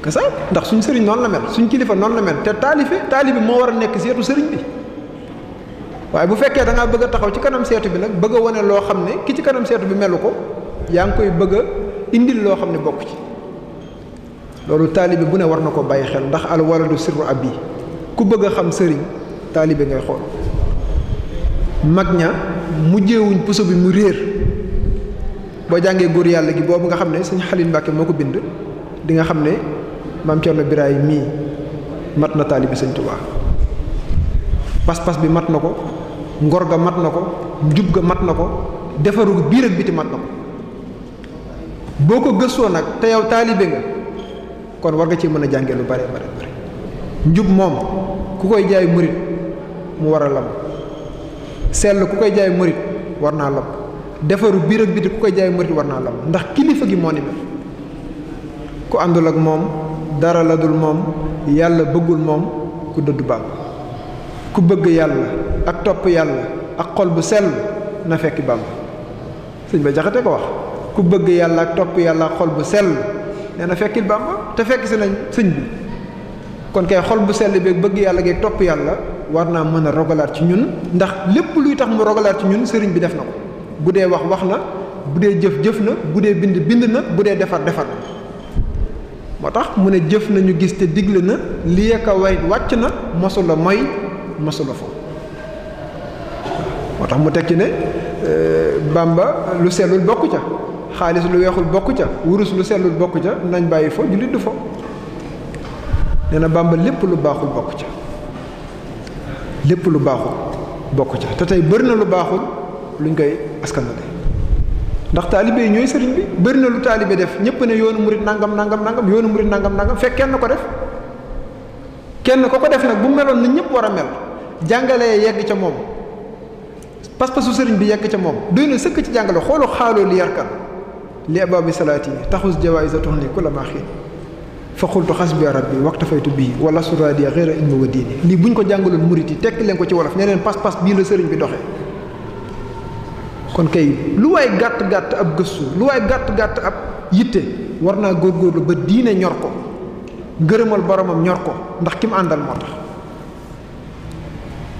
que ndax suñ sëriñ noonu la mel suñ kilifa noonu la mel te taalife taalibe moo war a nekk seetu sëriñ bi waaye bu fekkee da ngaa bëgg taxaw ci kanam seetu bi nag bëgg wone loo xam ne ki ci kanam seetu bi melu ko yaa ngi koy bëgg a indil loo xam ne bokk ci. lolu tali bu ne war nako baye xel ndax al waladu sirru abi ku bëgg xam sëriñ taalibe ngay xol magña ña mujjeewuñ puso bi mu reer bo jàngee gor yalla gi bobu nga xam ne sëñ xalil moko bind di nga xam mam maam Cerno mi matna mat na touba pas-pas bi mat nako ngor ga mat nako, djub ga mat nako defaru biir ak biti mat nako boko nak te yow nga kon war nga ci mëna jàngé lu bari bari bari njub mom ku koy jaay mourid mu wara lam sel ku koy jaay mourid war naa lam defaru biir ak ku koy jaay mourid war naa lam ndax kilifa gi mo ni ku àndul ak mom dara la dul mom yalla bëggul mom ku dudd ba ku bëgg yalla ak top yalla ak xol bu sel na fekk señ ba jaxate ko wax ku bëgg yalla ak top yalla xol bu sel fekkil bam te fekk si nañ sëñ bi kon kay xol bu sell beeg bëgg yàlla geeg topp yàlla war naa mën a rogalaat ci ñun ndax lépp luy tax mu rogalaat ci ñun sëriñ bi def na ko bu dee wax wax na bu dee jëf jëf na bu dee bind bind na bu dee defar defar na moo tax mu ne jëf nañu gis te digle na lii ak a way wàcc na mosula moy mosula fo moo tax mu teg ci ne euh, Bàmba lu sellul bokk ca xaalis lu weexul bokk ca wurus lu sellul bokk ca nañ bàyyi fo jullit du fo nee na Bàmba lépp lu baaxul bokk ca lépp lu baaxul bokk ca te tey bëri na lu baaxul luñ koy askanale ndax taalibe yi ñooy sëriñ bi bëri na lu taalibe def ñëpp ne yoonu murit nangam nangam nangam yoonu murit nangam nangam fekk kenn ko def kenn ko ko def nag bu meloon na ñëpp war a mel jàngalee yegg ca moom pas-pasu sëriñ bi yegg ca moom doy na sëkk ci jàngale xoolu xaaloo li yarkan لأبواب صلاتي تخص جوائزة لكل ما خير فقلت حسبي ربي واكتفيت به ولا سرادي غير علم وديني لي بوñ ko jangalon mouriti tek len ko ci wolof ñeneen pass pass bi la serigne bi doxé kon kay lu way gatt gatt ab gëssu lu way gatt gatt ab yitté warna gor gorlu ba diiné ñor ko gëreumal boromam ñor ko ndax kim andal motax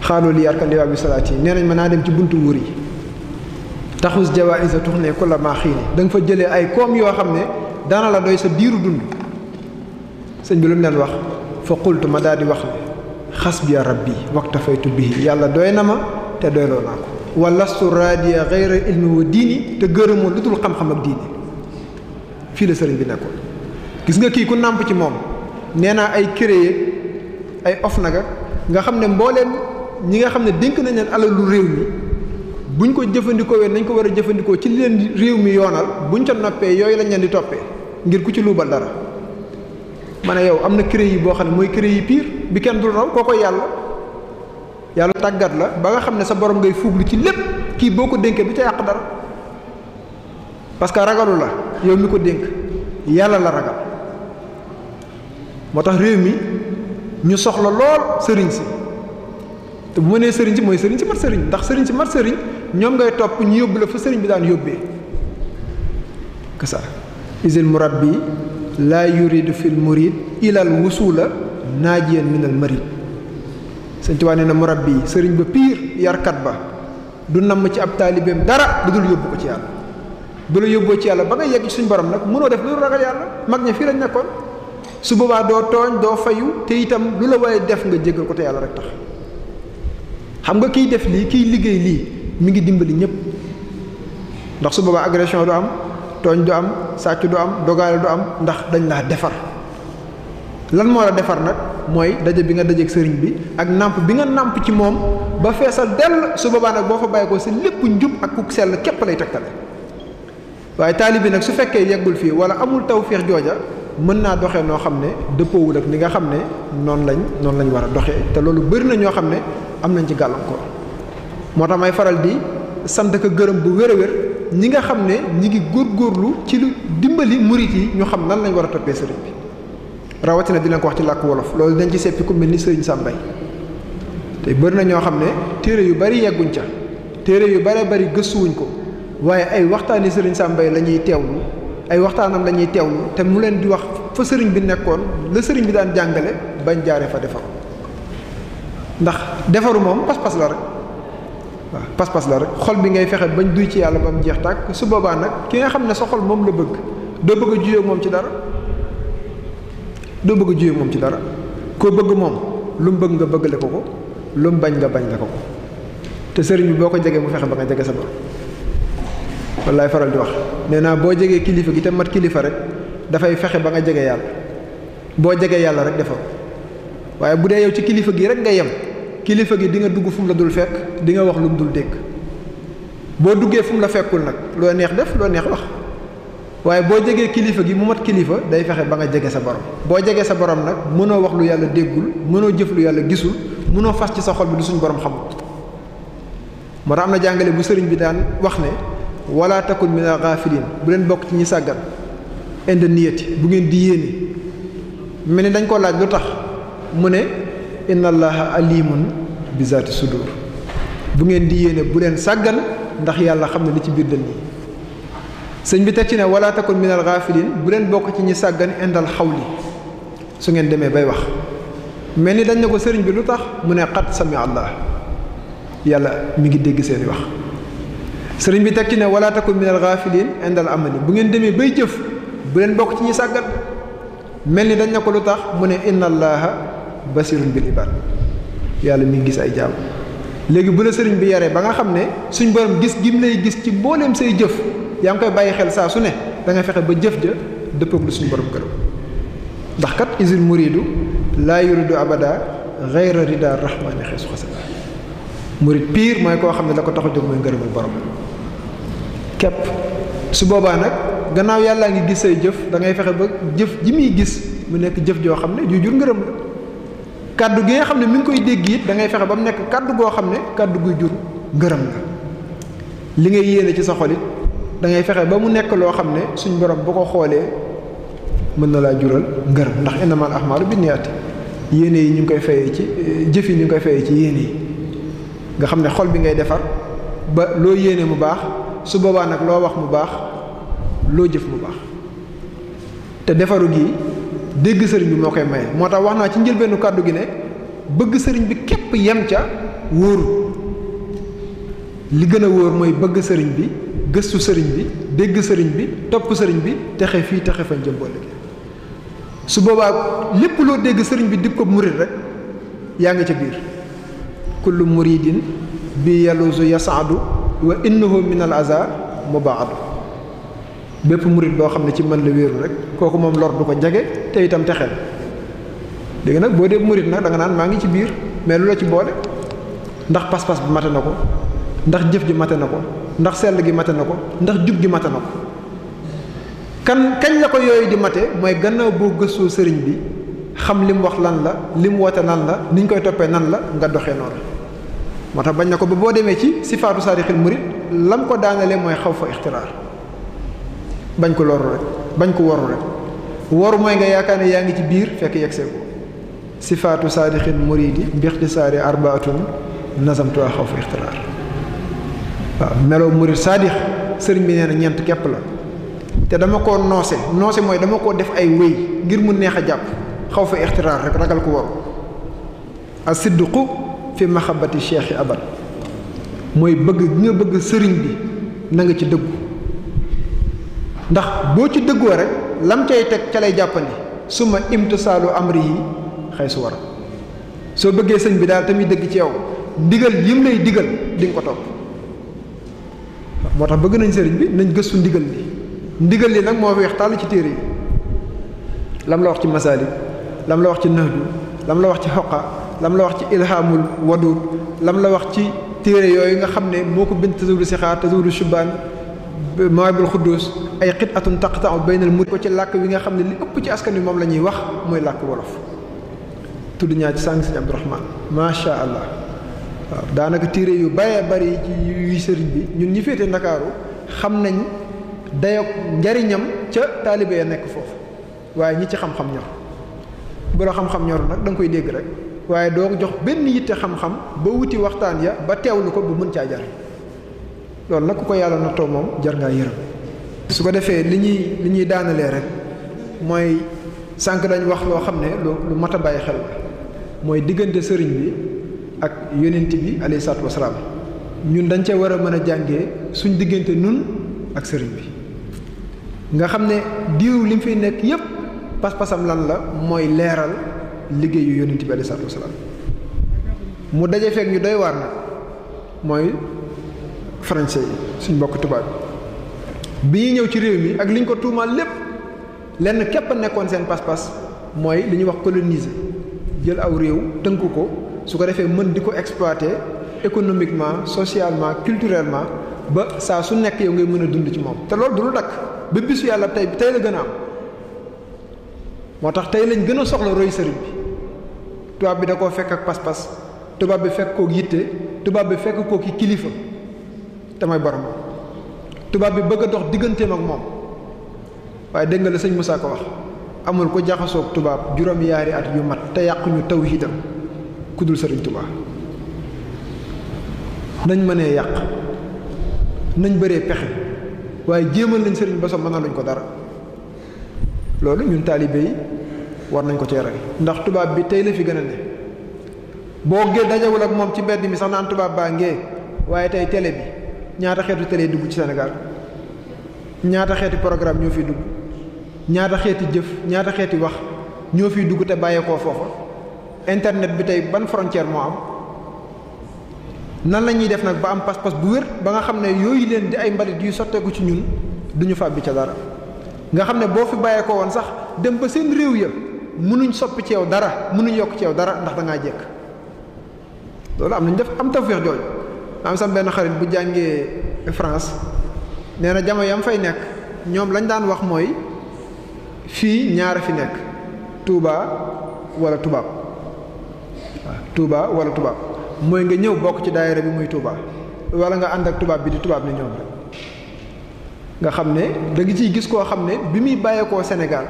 xalu li yarkan li wa bi salati nenañ ma na dem ci buntu wuri taxus jawaïsa tux ne ku la maa xiini danga nga fa jëlee ay koom yoo xam ne dana la doy sa diiru dund sëñ bi lu mu leen wax fa qultu ma daal di wax ne xasbiya rabbi waktafaytu bihi yàlla doy na ma te doyloo naa ko walastu radia geyra ilmi wa diini te gërëmoo lu dul xam-xam ak diini fii la sëriñ bi nekkoon gis nga kii ku nàmp ci moom nee naa ay créer ay of naga nga xam ne mbooleem ñi nga xam ne dénk nañ leen alalu réew mi bu buñ ko jëfandikoo ween nañ ko war a jëfandikoo ci leen réew mi yoonal buñ ca noppee yooyu lañ leen di toppee ngir ku ci luubal dara ma ne yow am na créé yi boo xam ne mooy créé yi pire bi kenn dul raw koo koy yàlla yàlla tàggat la ba nga xam ne sa borom ngay fuublu ci lépp kii boo ko dénkee bi ca yàq dara parce que ragalu la yow mi ko dénk yàlla la ragal moo tax réew mi ñu soxla lool sëriñ si te bu ma nee sëriñ si mooy sëriñ si mat sëriñ ndax sëriñ si ñoom ngay topp ñu yóbbu la fa sëriñ bi daan yóbbee kasa isil murabbi laa yuridu fil murid ilal wusula naajiyan minal marid sëñ Tuubaa nee na murabbi sëriñ ba piir yarkat ba du namm ci ab taalibeem dara du dul yóbbu ko ci yàlla bu la yóbboo ci yàlla ba nga yegg ci suñ borom nag mënoo def lu ragal yàlla mag ña fii lañ nekkoon su boobaa doo tooñ doo fayu te itam lu la waaye def nga jéggal ko te yàlla rek tax xam nga kiy def lii kiy liggéey lii mi ngi dimbali ñep ndax su baba agression du am togn du am sàcc du am dogal du am ndax dañ la defar lan mo la defar nak moy dajje bi nga ak sëriñ bi ak namp bi nga namp ci mom ba fessal del su baba nak bo fa bàyyi ko si lépp njub ak ku sel kep lay tegtale waye talibi nak su fekke yegul fi wala amul tawfiq jojja mën na doxé no xamné ne wul ak li nga xamné ne lañ non lañ wara doxé té lolu bërna ño xamné am nañ ci moo tax may faral di sant ko gërëm bu wér a wér ñi nga xam ne ñi ngi góor góorlu ci lu dimbali murit yi ñu xam nan lañu war a toppee sëriñ bi rawatina dinañ ko wax ci làkk wolof loolu dañ ci seppi ku mel ni sëriñ Sàmbay te bëri na ñoo xam ne téere yu bari yegguñ ca téere yu bare bari gëstuwuñ ko waaye ay waxtaani sëriñ Sàmbay la ñuy teewlu ay waxtaanam la ñuy teewlu te mu leen di wax fa sëriñ bi nekkoon la sëriñ bi daan jàngale bañ jaaree fa ndax defaru moom pas pas pas la rek xol bi ngay fexé bañ duy ci yalla bam jeex tak su boba nak ki nga xam sa xol mom la bëgg do bëgg a mom ci dara do bëgg a mom ci dara ko bëgg mom lu mu bëgg nga bëggale ko ko lu mu bañ nga bañ la ko ko te sëriñ bi boko jégué mu fexé ba nga jégué sa borom wallahi faral di wax nee naa boo kilifa gi te mat kilifa rek dafay fexé ba nga jégué yalla bo jégué yalla rek defal waye budé yow ci kilifa gi rek nga yam kilifa gi di nga dugg fum la dul fekk di nga wax lu dul dégg bo duggé fum la fekkul nak lo neex def lo neex wax waye bo jegee kilifa gi mu mat kilifa day fexe ba nga jege sa borom bo jegee sa borom nak mëno wax lu yàlla déggul mëno jëf lu yàlla gisul mëno fas ci sa xol bi du suñ borom xam mo ramna jàngale bu sëriñ bi daan wax ne wala takun min ghafilin bu len bok ci ñi sagal inde niyati bu ngeen di yene mel dañ ko laaj lutax tax mu ne inna allaha alimun bi zaati sudur bu ngeen di yéene bu leen sàggan ndax yàlla xam ne li ci biir dënn yi sëñ bi teg ne wala takun min al ghafilin bu leen bokk ci ñi sàggan indal xawli su ngeen demee bay wax mel dañ ne ko bi lu mu ne qad sami allah yàlla mi ngi dégg seeni wax sëriñ bi teg ne wala takun min al ghafilin indal amali bu ngeen demee bay jëf bu leen bokk ci ñi sàggan mel dañ ne ko mu ne inna allaha basirun bil ibad yalla mi gis ay jamm léegi bu la serigne bi yare ba nga xamne suñ borom gis gim lay gis ci mbooleem sey jëf yang koy bàyyi xel sa su ne da nga fexé ba jëf ja suñ borom kërëm ndax kat isil muridu la yuridu abada ghayra rida rahman xeesu xasana murid pire moy ko xamne da ko tax moy ngeerum borom kep su boba nak gannaaw yalla nga gis sey jëf da ngay fexé ba jëf ji gis mu nek jëf jo xamne ju kaddu gi nga xamne mi ngi koy deg it da ngay fexé bam nek kaddu go xamne ne kaddu guy jur ngërëm nga li ngay yéene ci sa xolit da ngay fexé ba mu ne borom bu ko xolé mën na la jural ngërëm ndax innamal ahmaru bi niyaati yéene yi ñu koy fayé ci jëf yi ñu koy fayé ci yéene nga xamne xol bi ngay defar ba lo yéene mu baax su boba nak lo wax mu baax lo jëf mu baax te défaru gi dégg sëriñ bi moo koy maye moo tax wax naa ci njëlbeenu kàddu gi ne bëgg sëriñ bi képp yem ca wóoru li gën a wóor mooy bëgg sëriñ bi gëstu sëriñ bi dégg sëriñ bi topp sëriñ bi texe fii texe fa jëm su boobaa lépp loo dégg sëriñ bi dib ko murid rek yaa ngi ca biir kullu muridin bi yaluusu yasaadu wa innahu min al aza mubaadu bépp murit boo xam ne ci man la wéeru rek kooku moom lor du ko jege te itam texel léegi nag boo dee murit nag da nga naan maa ngi ci biir mais lu la ci boole ndax pas-pas bi mate na ko ndax jëf ji mate na ko ndax sell gi mate na ko ndax jub gi mate na ko kan kañ la ko yooyu di mate mooy gannaaw boo gëstoo sëriñ bi xam li mu wax lan la li mu woote lan la ni ñu koy toppee nan la nga doxee noonu moo tax bañ na ko ba boo demee ci sifaatu saadixil murit lan ko daanalee mooy xaw fa ixtiraar bañ ko lor rek bañ ko waru rek waru moy nga yaakaar yaa ngi ci biir fekk yegsee ko sifatu sadiqin muridi bi ikhtisari arbaatun nazamtuwa xaw fa ixtiraar melo murid sadiq serigne bi neena ñent kep la te dama ko nosé nosé moy dama ko def ay wey ngir mu neex japp jàpp xaw fa ixtiraar rek ragal ko waru asidduqu fi mahabbati cheikhi abad moy bëgg gi nga bëgg serigne bi na nga ci deggu ndax boo ci dëggoo rek lam cay teg ca lay jàppandi su ma imtisaalu amri yi xëy su war soo bëggee sëñ bi daal tamit dëgg ci yow ndigal yim lay digal di nga ko topp moo tax bëgg nañ sëriñ bi nañ gëstu ndigal li ndigal li nag moo fi waxtaan ci téere yi lam la wax ci masaalik lam la wax ci nahju lam la wax ci xoqa lam la wax ci ilhaamul wadud lam la wax ci téere yooyu nga xam ne moo ko bind tasawudu sixaar tasawudu shubaan mawaahibul xuddus ay xit atun taqtau baynal murid ko ci làkk wi nga xam ne li ëpp ci askan wi moom la ñuy wax mooy làkk wolof tudd ñaar ci sàng sëñ Abdourahmane macha allah waaw daanaka téere yu bëree bari ci yuy sëriñ bi ñun ñi féete ndakaaru xam nañ dayoog njariñam ca taalibe a nekk foofu waaye ñi ci xam-xam ñor bu xam-xam ñor nag da koy dégg rek waaye doo jox benn yitte xam-xam ba wuti waxtaan ya ba teewlu ko bu mën caa jar loolu nag ku ko yàlla nattoo moom jar ngaa yërëm su ko defee li ñuy li ñuy daanalee rek mooy sànq dañ wax loo xam ne lu lu mat a bàyyi xel mooy diggante sëriñ bi ak yonent bi alayhi salaatu wasalaam ñun dañ cee war a mën a jàngee suñ diggante nun ak sëriñ bi nga xam ne diw li mu fiy nekk yépp pas-pasam lan la mooy leeral liggéeyu yonent bi alayhi salaatu wasalaam mu daje feek ñu doy waar nag mooy français yi suñ mbokk tubaab bi ñuy ñëw ci réew mi ak li ñu ko tuumaal lépp lenn képp a nekkoon seen pas-pas mooy li ñuy wax coloniser jël aw réew tënk ko su ko defee mën di ko exploiter économiquement socialement culturellement ba saa su nekk yow ngay mën a dund ci moom te loolu du lu dakk ba bisu yàlla tey bi tey la gën a am moo tax tey lañ gën a soxla roy sëriñ bi tubaab bi da koo fekk ak pas-pas tubaab bi fekk kook yitte tubaab bi fekk koo ki kilifa te moy borom tuba bi bëgg dox digënté mak mom waye dégg nga la sëñ Moussa ko wax amul ko jaxasoog tuba juroom yaari at yu mat te yàquñu tawhidam kudul dul tuba nañ mëne yaq nañ bëree pexe waaye jéemal nañ sëriñ basom mëna luñ ko dara lolu ñun talibé yi war nañ ko ci rey ndax tuba bi tay la fi gëna né bo boo dajawul ak mom ci bëdd mi sax naan tuba ba waye tay télé bi ñaata xéetu télé dugg ci Sénégal ñaata xéetu programme ñoo fiy dugg ñaata xéetu jëf ñaata xéetu wax ñoo fiy dugg te ko fofu internet bi tay ban frontière mo am nan lañuy def nak ba am pas-pas bu wër ba nga xamné ne yooyu leen di ay mbalit yu sotteeku ci ñun duñu fàbbi ci dara nga xamné ne fi bayé ko won sax dem ba seen réew ya mënuñ soppi ci yow dara mënuñ yok ci yow dara ndax da nga lolu am nañ def am tawféex jojo am sam benn xarit bu jàngee France nee na jamo yam fay nekk ñoom lañ daan wax mooy fii ñaara fi nekk Touba wala tubaab waaw Touba wala tubaab mooy nga ñëw bokk ci daayira bi muy Touba wala nga ànd ak tubaab bi di tubaab ni ñoom rek nga xam ne da nga ciy gis koo xam ne bi muy bàyyeekoo Sénégal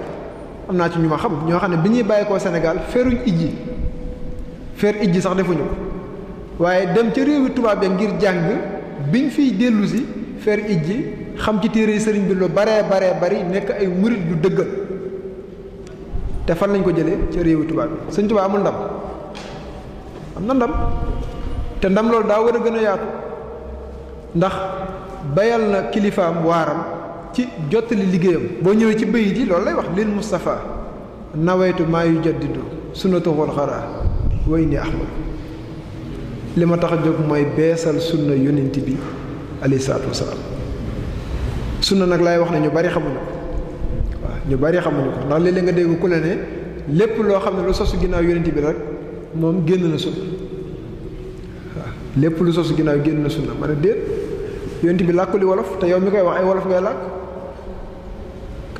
am naa ci ñu ma xam ñoo xam ne bi ñuy bàyyeekoo Sénégal feruñ ijji fer ijji sax defuñu ko waaye dem ca réewi tubaab ya ngir jàng biñ fiy dellu si fer ijji xam ci téere sëriñ bi lu baree baree bari nekk ay murit yu dëgga te fan lañ ko jëlee ca réewi tubaab bi sëñ tubaab amul ndam am na ndam te ndam loolu daa war a gën a yaatu ndax bayal na kilifaam waaram ci jottali liggéeyam boo ñëwee ci bëy ji loolu lay wax leen Moustapha nawetu maa yu jaddidu sunnatuhul xaraa wa inni ahmad li ma tax a jóg mooy beesal sunna yonent bi alayhi salaatu wasalaam sunna nag laay wax na ñu bari xamuñu ko waaw ñu bari xamuñu ko ndax léeg-léeg nga dégg ku la ne lépp loo xam ne lu sosu ginnaaw yonent bi rek génn na sunna waaw lépp lu sosu génn na sunna ma ne déet bi làkkuli wolof te yow mi koy wax ay wolof ngay làkk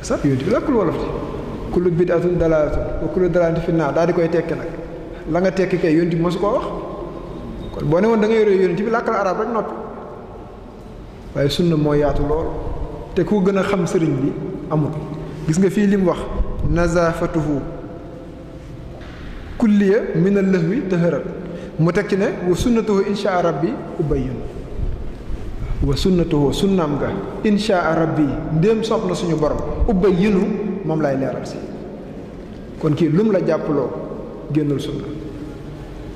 sax yonent bi làkkul wolof ku kullu bid'atin dalaalatun wa kullu dalaalatin fi naar daal di koy tekki nag la nga tekki kay yonent bi mosu koo wax kon boo ne woon da nga yore yonent bi làkkal arab rek noppi waaye sunna moo yaatu lool te ku gën a xam sëriñ bi amul gis nga fii lim wax nazafatuhu kulliya min al-lahwi taharat mu teg ci ne wa sunnatuhu insha rabbi ubayyin wa sunnatuhu sunnaam nga insha rabbi ndéem soob na suñu borom ubayyinu moom lay leeral si kon kii lum la jàppaloo génnul sunna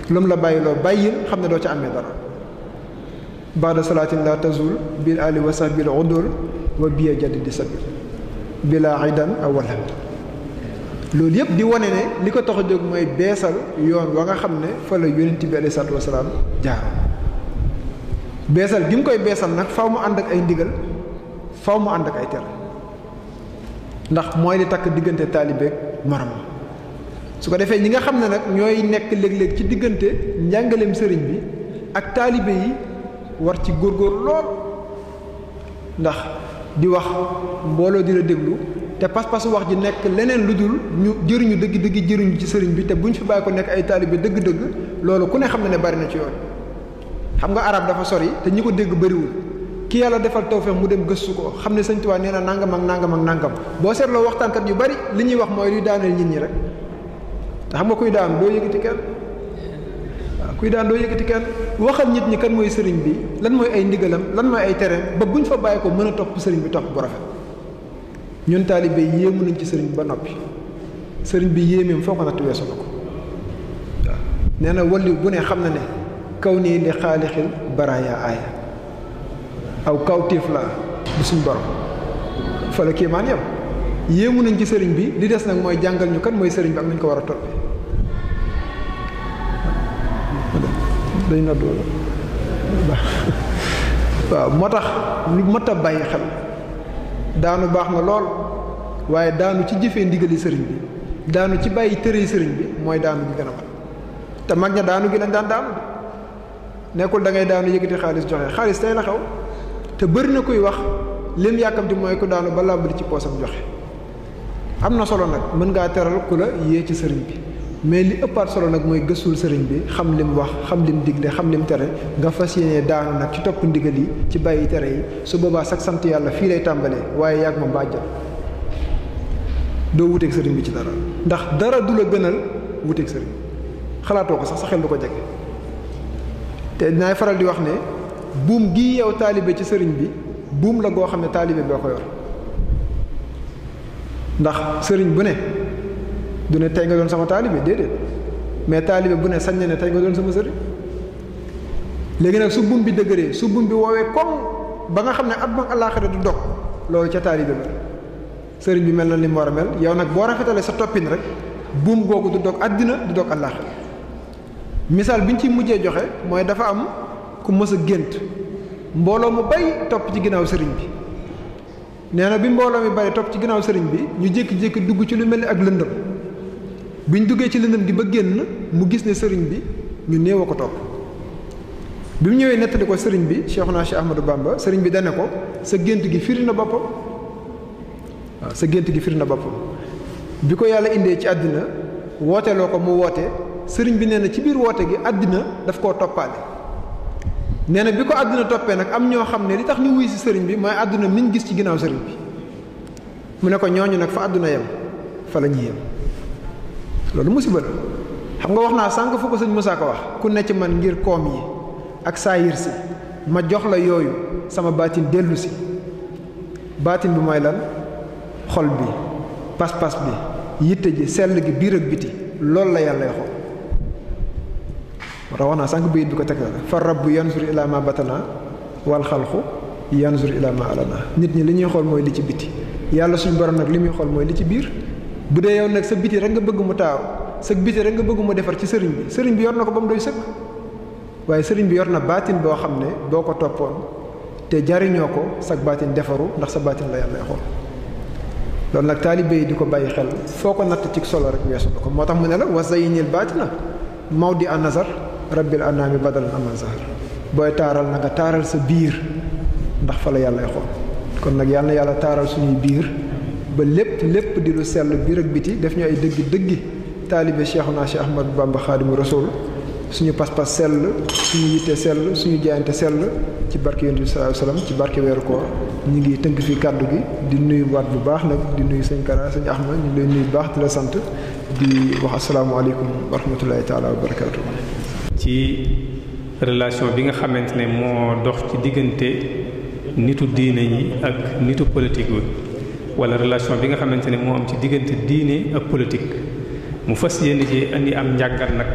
lu mu la bàyyiloo bàyyil xam ne doo ci amee dara baada salaatin la tazul bil ali wa sahbi la udul wa biya jaddi di sabil bila idan awala loolu yëpp di wane ne li ko tax a jóg mooy beesal yoon wa nga xam ne fa la yonent bi alayhi salaatu wasalaam jaaroon beesal gi mu koy beesal nag faw mu ànd ak ay ndigal faw mu ànd ak ay tere ndax mooy li takk diggante taalibeeg morom su ko defee ñi nga xam ne nag ñooy nekk léeg-léeg ci diggante njàngaleem sëriñ bi ak taalibe yi war ci góor góor lool ndax di wax mbooloo di la déglu te pas-pasu wax ji nekk leneen lu dul ñu jëriñu dëgg dëgg jëriñu ci sëriñ bi te bu ñu fi bàyyi ko nekk ay taalibe dëgg-dëgg loolu ku ne xam ne ne bari na ci yoon xam nga arab dafa sori te ñi ko dégg bëriwul ki yàlla defal tawfeex mu dem gëstu ko xam ne sëñ Tuubaa nee na nangam ak nangam ak nangam boo seetloo waxtaankat yu bari li ñuy wax mooy luy nit ñi rek te xam nga kuy daan doo yëgati kenn kuy daan doo yëgati kenn waxal nit ñi kan mooy sëriñ bi lan mooy ay ndigalam lan mooy ay tere ba buñ fa bàyyi ko mën a topp sëriñ bi topp bu rafet ñun taalibe yéemu nañ ci sëriñ ba noppi sëriñ bi yéemeem foo ko natt weesu na ko waaw nee na walli bu ne xam na ne kaw nii li xaalixil baraaya aaya aw kaw tiif la bu suñ borom fa la yam yéemu nañ ci sëriñ bi li des nag mooy jàngal ñu kan mooy sëriñ bi ak nañ ko war a toppee day nodd waaw moo tax lu mët a bàyyi xel daanu baax na lool waaye daanu ci jëfee ndigali sëriñ bi daanu ci bàyyi tëree sëriñ bi mooy daanu gi gën a mat te mag ña daanu gi lañ daan daanu nekkul da ngay daanu yëkkati xaalis joxe xaalis tey la xew te bari na kuy wax lim yàkkamti mooy ku daanu ba làmbali ci poosam joxe am na solo nag mën ngaa teral ku la yée ci sëriñ bi mais li ëppaat solo nag mooy gëstul sëriñ bi xam lim wax xam lim digle xam lim tere nga fas yéene daanu nag ci topp ndigal yi ci bàyyi tere yi su boobaa sax sant yàlla fii lay tàmbalee waaye yàgg ma bàjjal doo wuteeg sëriñ bi ci dara ndax dara du la gënal wuteeg sëriñ xalaatoo ko sax sa xel du ko jege te naay faral di wax ne buum gi yow taalibe ci sëriñ bi buum la goo xam ne taalibe boo ko yor ndax sëriñ bu ne du ne tey nga doon sama taalibe déedéet mais taalibe bu ne sañ na ne tey nga doon sama sëriñ léegi nag su bum bi dëgëree su buum bi woowee comme ba nga xam ne at ba àllaaxira du dog loolu ca taalibe ba sëriñ bi mel na li mu war a mel yow nag boo rafetalee sa toppin rek buum googu du dog àddina du dog àllaaxira misaal bi ñu ciy mujjee joxe mooy dafa am ku mës a gént mbooloo mu bay topp ci ginnaaw sëriñ bi nee na bi mbooloo mi bari topp ci ginnaaw sëriñ bi ñu jékki dugg ci lu mel ni ak lëndëm biñ duggee ci lëndëm gi ba génn mu gis ne sëriñ bi ñu néew ko topp bi mu ñëwee nettali ko sëriñ bi Cheikhuna Cheikh Ahmadou Bamba sëriñ bi dane ko sa gént gi firi na boppam waaw sa gént gi firi na boppam bi ko yàlla indee ci àddina wooteeloo ko mu woote sëriñ bi nee na ci biir woote gi àddina daf koo toppaale nee na bi ko àddina toppee nag am ñoo xam ne li tax ñu wuy si sëriñ bi mooy àdduna miñ gis ci ginnaaw sëriñ bi mu ne ko ñooñu nag fa àdduna yem fa la ñuy yem Lalu musiba la xam nga waxna sank fu ko sëñ musa ko wax ku ne ci man ngir kom yi ak si ma jox la yoyu sama batin delusi, si batin bi mooy lan xol bi pas-pas bi yitte ji sel gi biti loolu la yalla xol rawana sank bi ko teg fa rabbu yanzur ila ma batana wal khalqu yanzur ila ma alana nit ñi li ñuy xol moy li ci biti yalla suñu borom nak li muy xol moy li ci bir bu dee yow nag sa biti rek nga bëgg mu taaw sa biti rek nga bëgg mu defar ci sëriñ bi sëriñ bi yor na ko ba mu doy sëkk waaye sëriñ bi yor na baatin boo xam ne boo ko toppoon te jariñoo ko sa baatin defaru ndax sa baatin la yàlla xool loolu nag taalibe yi di ko bàyyi xel foo ko natt ci solo rek weesu na ko moo tax mu ne la wa zayyinil baatina mawdi an nazar rabbil anaami badalan aman zahar booy taaral na nga taaral sa biir ndax fa la yàlla xool kon nag yàlla yàlla taaral suñuy biir ba lépp lépp di lu sell biir ak biti def ñu ay dëgg dëggi taalibe Cheikhuna Cheikh Ahmad Bamba Xaadimu Rasuul suñu pas-pas sell suñu yitte sell suñu jaayante sell ci barke yonent bi ci barke weeru koor ñu ngi tënk fii kàddu gi di nuyu wat bu baax nag di nuyu sëñ Kara sëñ Ahmad ñu ngi lay nuyu baax di la sant di wax asalaamaaleykum wa rahmatulahi taala wa barakaatu. ci relation bi nga xamante ne moo dox ci diggante nitu diine ñi ak nitu politique bi wala relation bi nga xamante ne moo am ci diggante diine ak politique mu fas yéene ci indi am njàngat nag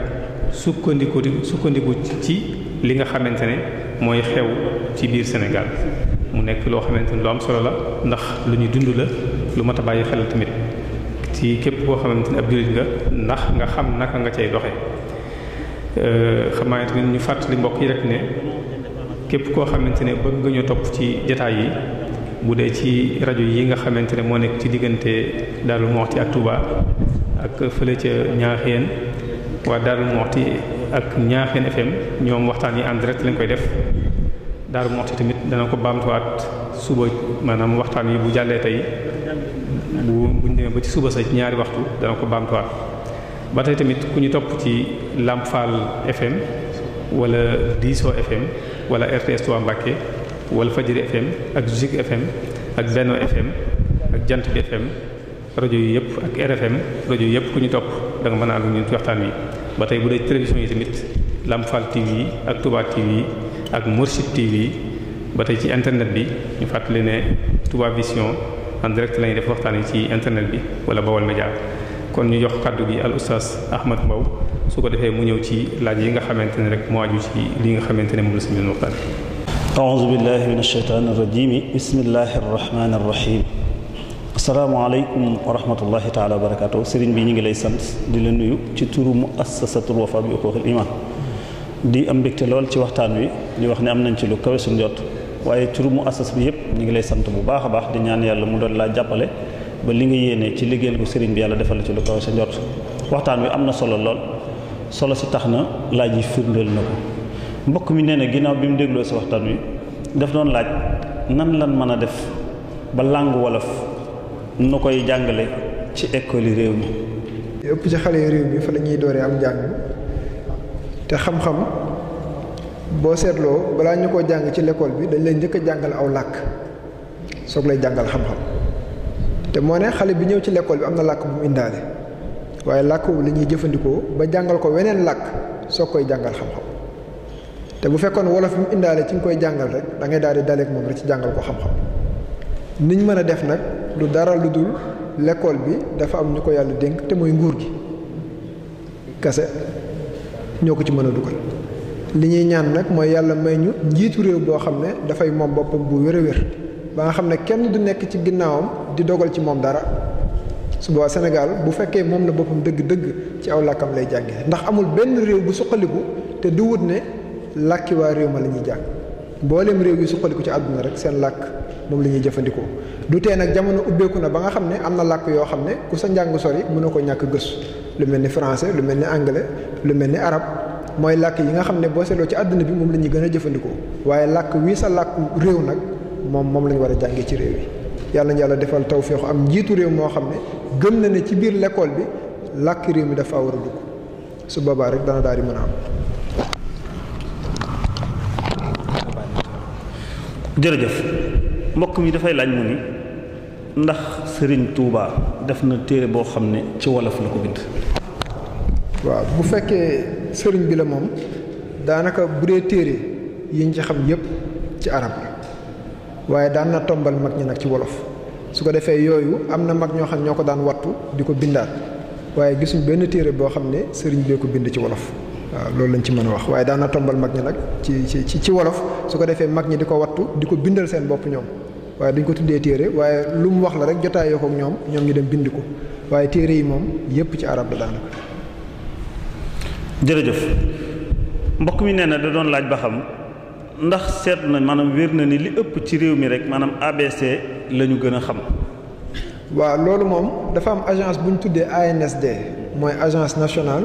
sukkandiku sukkandiku ci li nga xamante ne mooy xew ci biir Sénégal mu nekk loo xamante ne lu am solo la ndax lu ñu dund la lu mat a bàyyi xel tamit ci képp koo xamante ne ab jullit nga ndax nga xam naka nga cay doxe euh, xamaa tamit ñu fàttali mbokk yi rek ne képp koo xamante ne bëgg nga ñu topp ci jataay yi bu dee ci rajo yi nga xamante ne moo nekk ci diggante Darou Moukhty ak Touba ak fële ca Niakhène waa Darou Moukhty ak Niakhène FM ñoom waxtaan yi en lañ koy def Darou Moukhty tamit dana ko baamtuwaat suba maanaam waxtaan yi bu jàllee tey bu buñ demee ba ci suba sa ñaari waxtu dana ko baamtuwaat ba tey tamit ku ñu topp ci Lamp Fall FM wala Diso FM wala RTS 3 Mbacké wala Fajri FM ak Zik FM ak Beno FM ak Jant FM rajo yep yëpp ak RFM rajo yi yëpp ku ñu topp da nga mën a ànd ñun ci bu dee télévision yi tamit Lamfal TV ak Touba TV ak Mourchid TV ba tey ci internet bi ñu fàttali ne Touba Vision en direct lañuy def waxtaan yi ci internet bi wala Bawol Media kon ñu jox kàddu gi al oustaz Ahmad Mbow su ko defee mu ñëw ci laaj yi nga xamante rek moo aju ci li nga xamante ne la suñu waxtaan أعوذ بالله من الشيطان الرجيم بسم الله الرحمن الرحيم السلام عليكم ورحمة الله تعالى وبركاته سيرين بيني غلاي سانت دي لا نويو تي تور مؤسسة الوفاء بأخوة الإيمان دي أم بيكت لول تي وقتان وي دي وخني أم نانتي لو كويس نجوت وأي تور مؤسس بيب ني غلاي سانت بو باخ باخ دي نيان يالا مودل لا جابالي با ليغي ييني تي ليغيل بو سيرين بي يالا ديفال تي لو كويس نجوت وقتان وي أمنا سولو لول سولو سي تاخنا لاجي فيرندل نكو mbokk mi nee na ginnaaw bi mu dégloo sa waxtaan wi daf doon laaj nan lan mën a def ba làngu wolof na koy jàngale ci école yi réew mi ëpp ci xale yi réew mi fa la ñuy dooree am jàng te xam boo seetloo balaa ñu ko jàng ci l'école bi dañ lay njëkk a jàngal aw làkk soo lay jàngal xam-xam te moo ne xale bi ñëw ci lekkool bi am na làkk bu mu indaale waaye làkk boobu la ñuy jëfandikoo ba jàngal ko weneen làkk soo koy jàngal xam-xam te bu fekkoon wolof bi mu indaale ci nga koy jàngal rek da ngay daal di daleeg moom rek ci jàngal ko xam-xam niñ mën a def nag lu dara lu dul lekkool bi dafa am ñu ko yàlla dénk te mooy nguur gi kase ñoo ko ci mën a dugal li ñuy ñaan nag mooy yàlla may ñu njiitu réew boo xam ne dafay moom boppam bu wér a wér ba nga xam ne kenn du nekk ci ginnaawam di dogal ci moom dara su boobaa Sénégal bu fekkee moom la boppam dëgg-dëgg ci aw làkkam lay jànge ndax amul benn réew bu suqaliku làkki waa réew ma la ñuy jàng mbooleem réew yi ko ci àdduna rek seen làkk moom la ñuy jëfandikoo du tee nag jamono ubbeeku na ba nga xam ne am na làkk yoo xam ne ku sa njàng sori mënoo ko ñàkk gës lu mel ni français lu mel ni anglais lu mel ni arab mooy làkk yi nga xam ne boo seetloo ci àdduna bi moom la ñuy gën a jëfandikoo waaye làkk wii sa làkk réew nag moom moom la ñu war a jàngee ci réew yi yàlla na yàlla defal tawféexu am njiitu réew moo xam ne gëm na ne ci biir l'école bi làkk réew mi dafa war a dugg su boobaa rek dana daal di mën a jërëjëf mbokk mi dafay laaj mu ni ndax sëriñ Touba def na téere boo xam ne ci wolof la ko bind. waaw bu fekkee sëriñ bi la moom daanaka bu dee téere yiñ ci xam yépp ci arab waaye daan na tombal mag ñi nag ci wolof su ko defee yooyu am na mag ñoo xam ñoo ko daan wattu di ko bindaat waaye gisuñ benn téere boo xam ne sëriñ bee ko bind ci wolof. waaw loolu lañ ci mën a wax waaye daana mag ñi nag ci ci ci wolof su ko defee mag ñi di ko wattu di ko bindal seen bopp ñoom waaye duñ ko tuddee téere waaye lu mu wax la rek jotaayoo ko ñoom ñoom ñu dem bind ko waaye téere yi moom yépp ci arab la jërëjëf mbokk mi nee na da doon laaj ba ndax seet na maanaam wér na ni li ëpp ci réew mi rek maanaam ABC la gën a xam. waaw loolu moom dafa am agence bu ñu tuddee ANSD mooy agence nationale.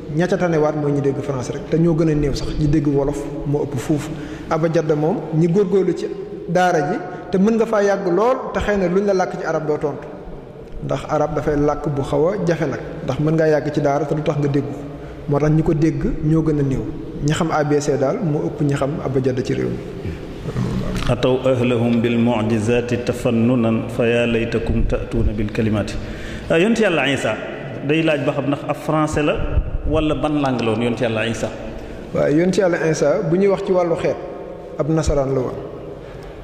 ña ca tanewaat mooy ñi dégg français rek te ñoo gën a néew sax ñi dégg wolof moo ëpp fuuf abajada moom ñi góor góorgóorlu ci daara ji te mën nga faa yàgg lool te xëy na luñ la làkk ci arab doo tontu ndax arab dafay làkk bu xaw a jafe nag ndax mën ngaa yàgg ci daara te du tax nga dégg moo tax ñi ko dégg ñoo gën a néew ñi xam ABC daal moo ëpp ñi xam abajada ci réew mi ataw ahlahum bil mu'jizati tafannunan fa yaa laytakum ta'tuuna bil kalimaati yonent yàlla Isaa day laaj ba xam ndax ab français la wala ban langue la woon yonent yàlla Isa. waaw yonent yàlla Isa bu ñuy wax ci wàllu xeet ab nasaraan la woon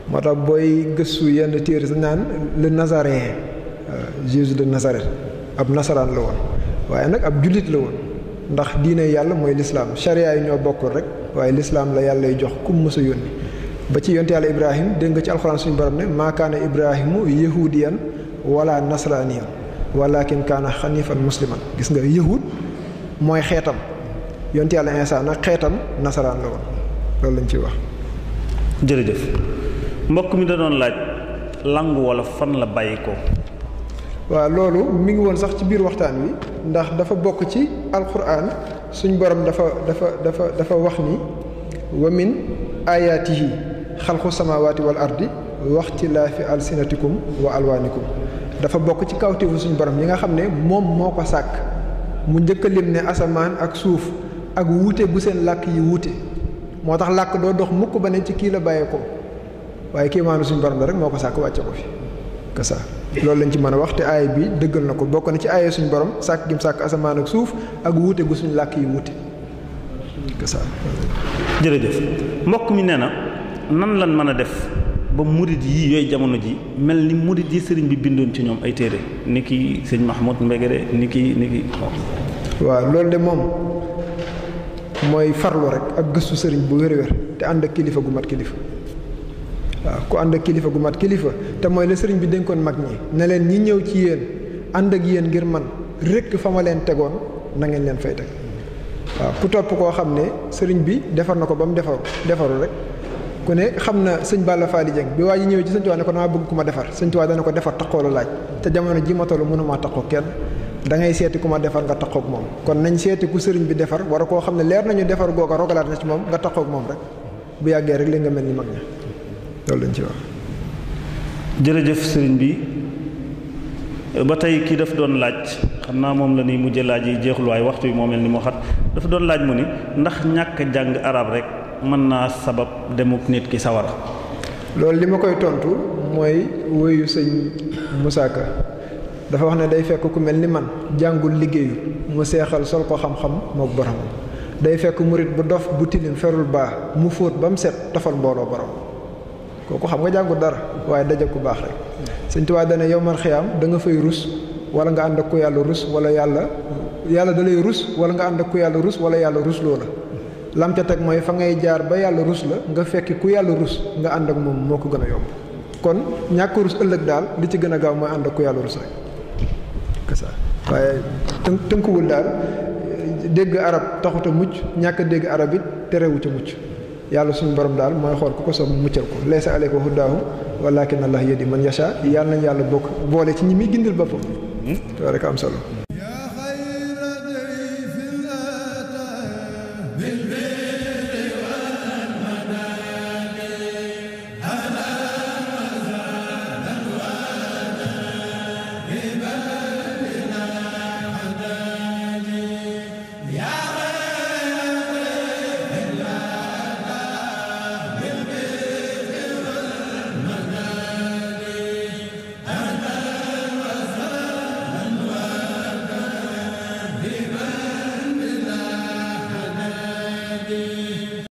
moo tax booy gëstu yenn téere naan le nazaréen euh, Jésus de Nazareth ab nasaraan la woon waaye nag ab jullit la woon ndax diine yàlla mooy lislaam charia yi ñoo bokkul rek waaye lislaam la yàlla jox ku mu mës a yónni ba ci yonent yàlla Ibrahim dégg nga ci alxuraan suñu borom ne maakaana Ibrahimu yahudiyan wala nasraaniyan walakin kaana xanifan musliman gis nga yahud mooy xeetam yonte yàlla insa nag xeetam nasaraan la woon loolu lañ ci wax jërëjëf mbokk mi da doon laaj langue walla fan la bàyyi ko waaw loolu mi ngi woon sax ci biir waxtaan wi ndax dafa bokk ci alquran suñ borom dafa dafa dafa dafa wax ni wa min ayaatihi xalqu samawati wal ardi waxtilaafi alsinatikum wa alwaanikum dafa bokk ci kawtifu suñu borom yi nga xam ne moom moo ko sàkk mu njëkk a ne asamaan ak suuf ak wuute bu seen làkk yi wuute moo tax làkk doo dox mukk ba ne ci kii la bàyyeekoo waaye kii maanaam suñu borom la rek moo ko sàkk wàcce ko fi kasa loolu lañ ci mën a wax te aay bi dëggal na ko bokk na ci aaya suñu borom sàkk gim sàkk asamaan ak suuf ak wuute gu suñu làkk yi wuute kasa jërëjëf mbokk mi nee na nan lan mën a def ba murid yi yooyu jamono ji mel ni murid yi sëriñ bi bindoon ci ñoom ay téere ni ki sëñ Mahmoud Mbegere ni ki ni ki waaw loolu de moom mooy farlu rek ak gëstu sëriñ bu wér-wér te ànd ak kilifa gu mat kilifa ku ànd kilifa gu mat kilifa te mooy la sëriñ bi dénkoon mag ñi ne leen ñi ñëw ci yéen ànd ak yéen ngir man rekk fa ma leen tegoon nangeen leen fay teg waaw ku topp koo xam ne sëriñ bi defar na ko ba mu defaru defaru rek ku ne xam na sëñ Balla Fally Dieng bi waa ji ñëwee ci sëñ Tuubaa ne ko damaa bëgg ku ma defar sëñ Tuubaa dana ko defar taxoo la laaj te jamono ji ma toll mënumaa taxoo kenn dangay seeti ku ma defar nga taxoo ak moom kon nañ seeti ku sëriñ bi defar war a koo xam ne leer nañu defar googa rogalaat na ci moom nga taxoo ak moom rek bu yàggee rek li nga mel ni mag ña loolu lañ ci wax. jërëjëf sëriñ bi ba tey kii daf doon laaj xam naa moom la ni mujjee laaj yi jeexul waaye waxtu yi moo ni moo xat dafa doon laaj mu ni ndax ñàkk jàng arab rek. man naa sabab demuk nit ki sawar loolu li koy tontu moy wéyu sëñ Moussa Ka dafa wax ne day fekk ku melni man jangul liggey mu seexal sol ko xam-xam moog borom day fekk mourid bu dof bu tilim ferul ba mu fóot bam set tafal mbolo borom koku xam nga jangul dara waye daje ku bax rek sëñ Tuubaa dana yowmal khiyam da nga fay rus wala nga and ak ku yàlla rus wala yalla yalla dalay rus wala nga and ak ku yàlla rus wala yalla rus loola lam teg mooy fa ngay jaar ba yàlla rus la nga fekki ku yàlla rus nga ànd ak moom moo ko gën a yomb kon ñàkk ruus ëllëg daal li ci gën a gaaw mooy ànd ak ku yàlla rus rek waaye tënk tënkuwul daal dégg arab taxut a mucc ñàkk dégg arab it terewu ca mucc yàlla suñu borom daal mooy xool ku ko soob mu muccal ko laysa aleyka hudaahum walaakin allah yahdi man yashaa yàlla nañ yàlla bokk boole ci ñi muy gindil boppam. Hmm? loolu rek am solo.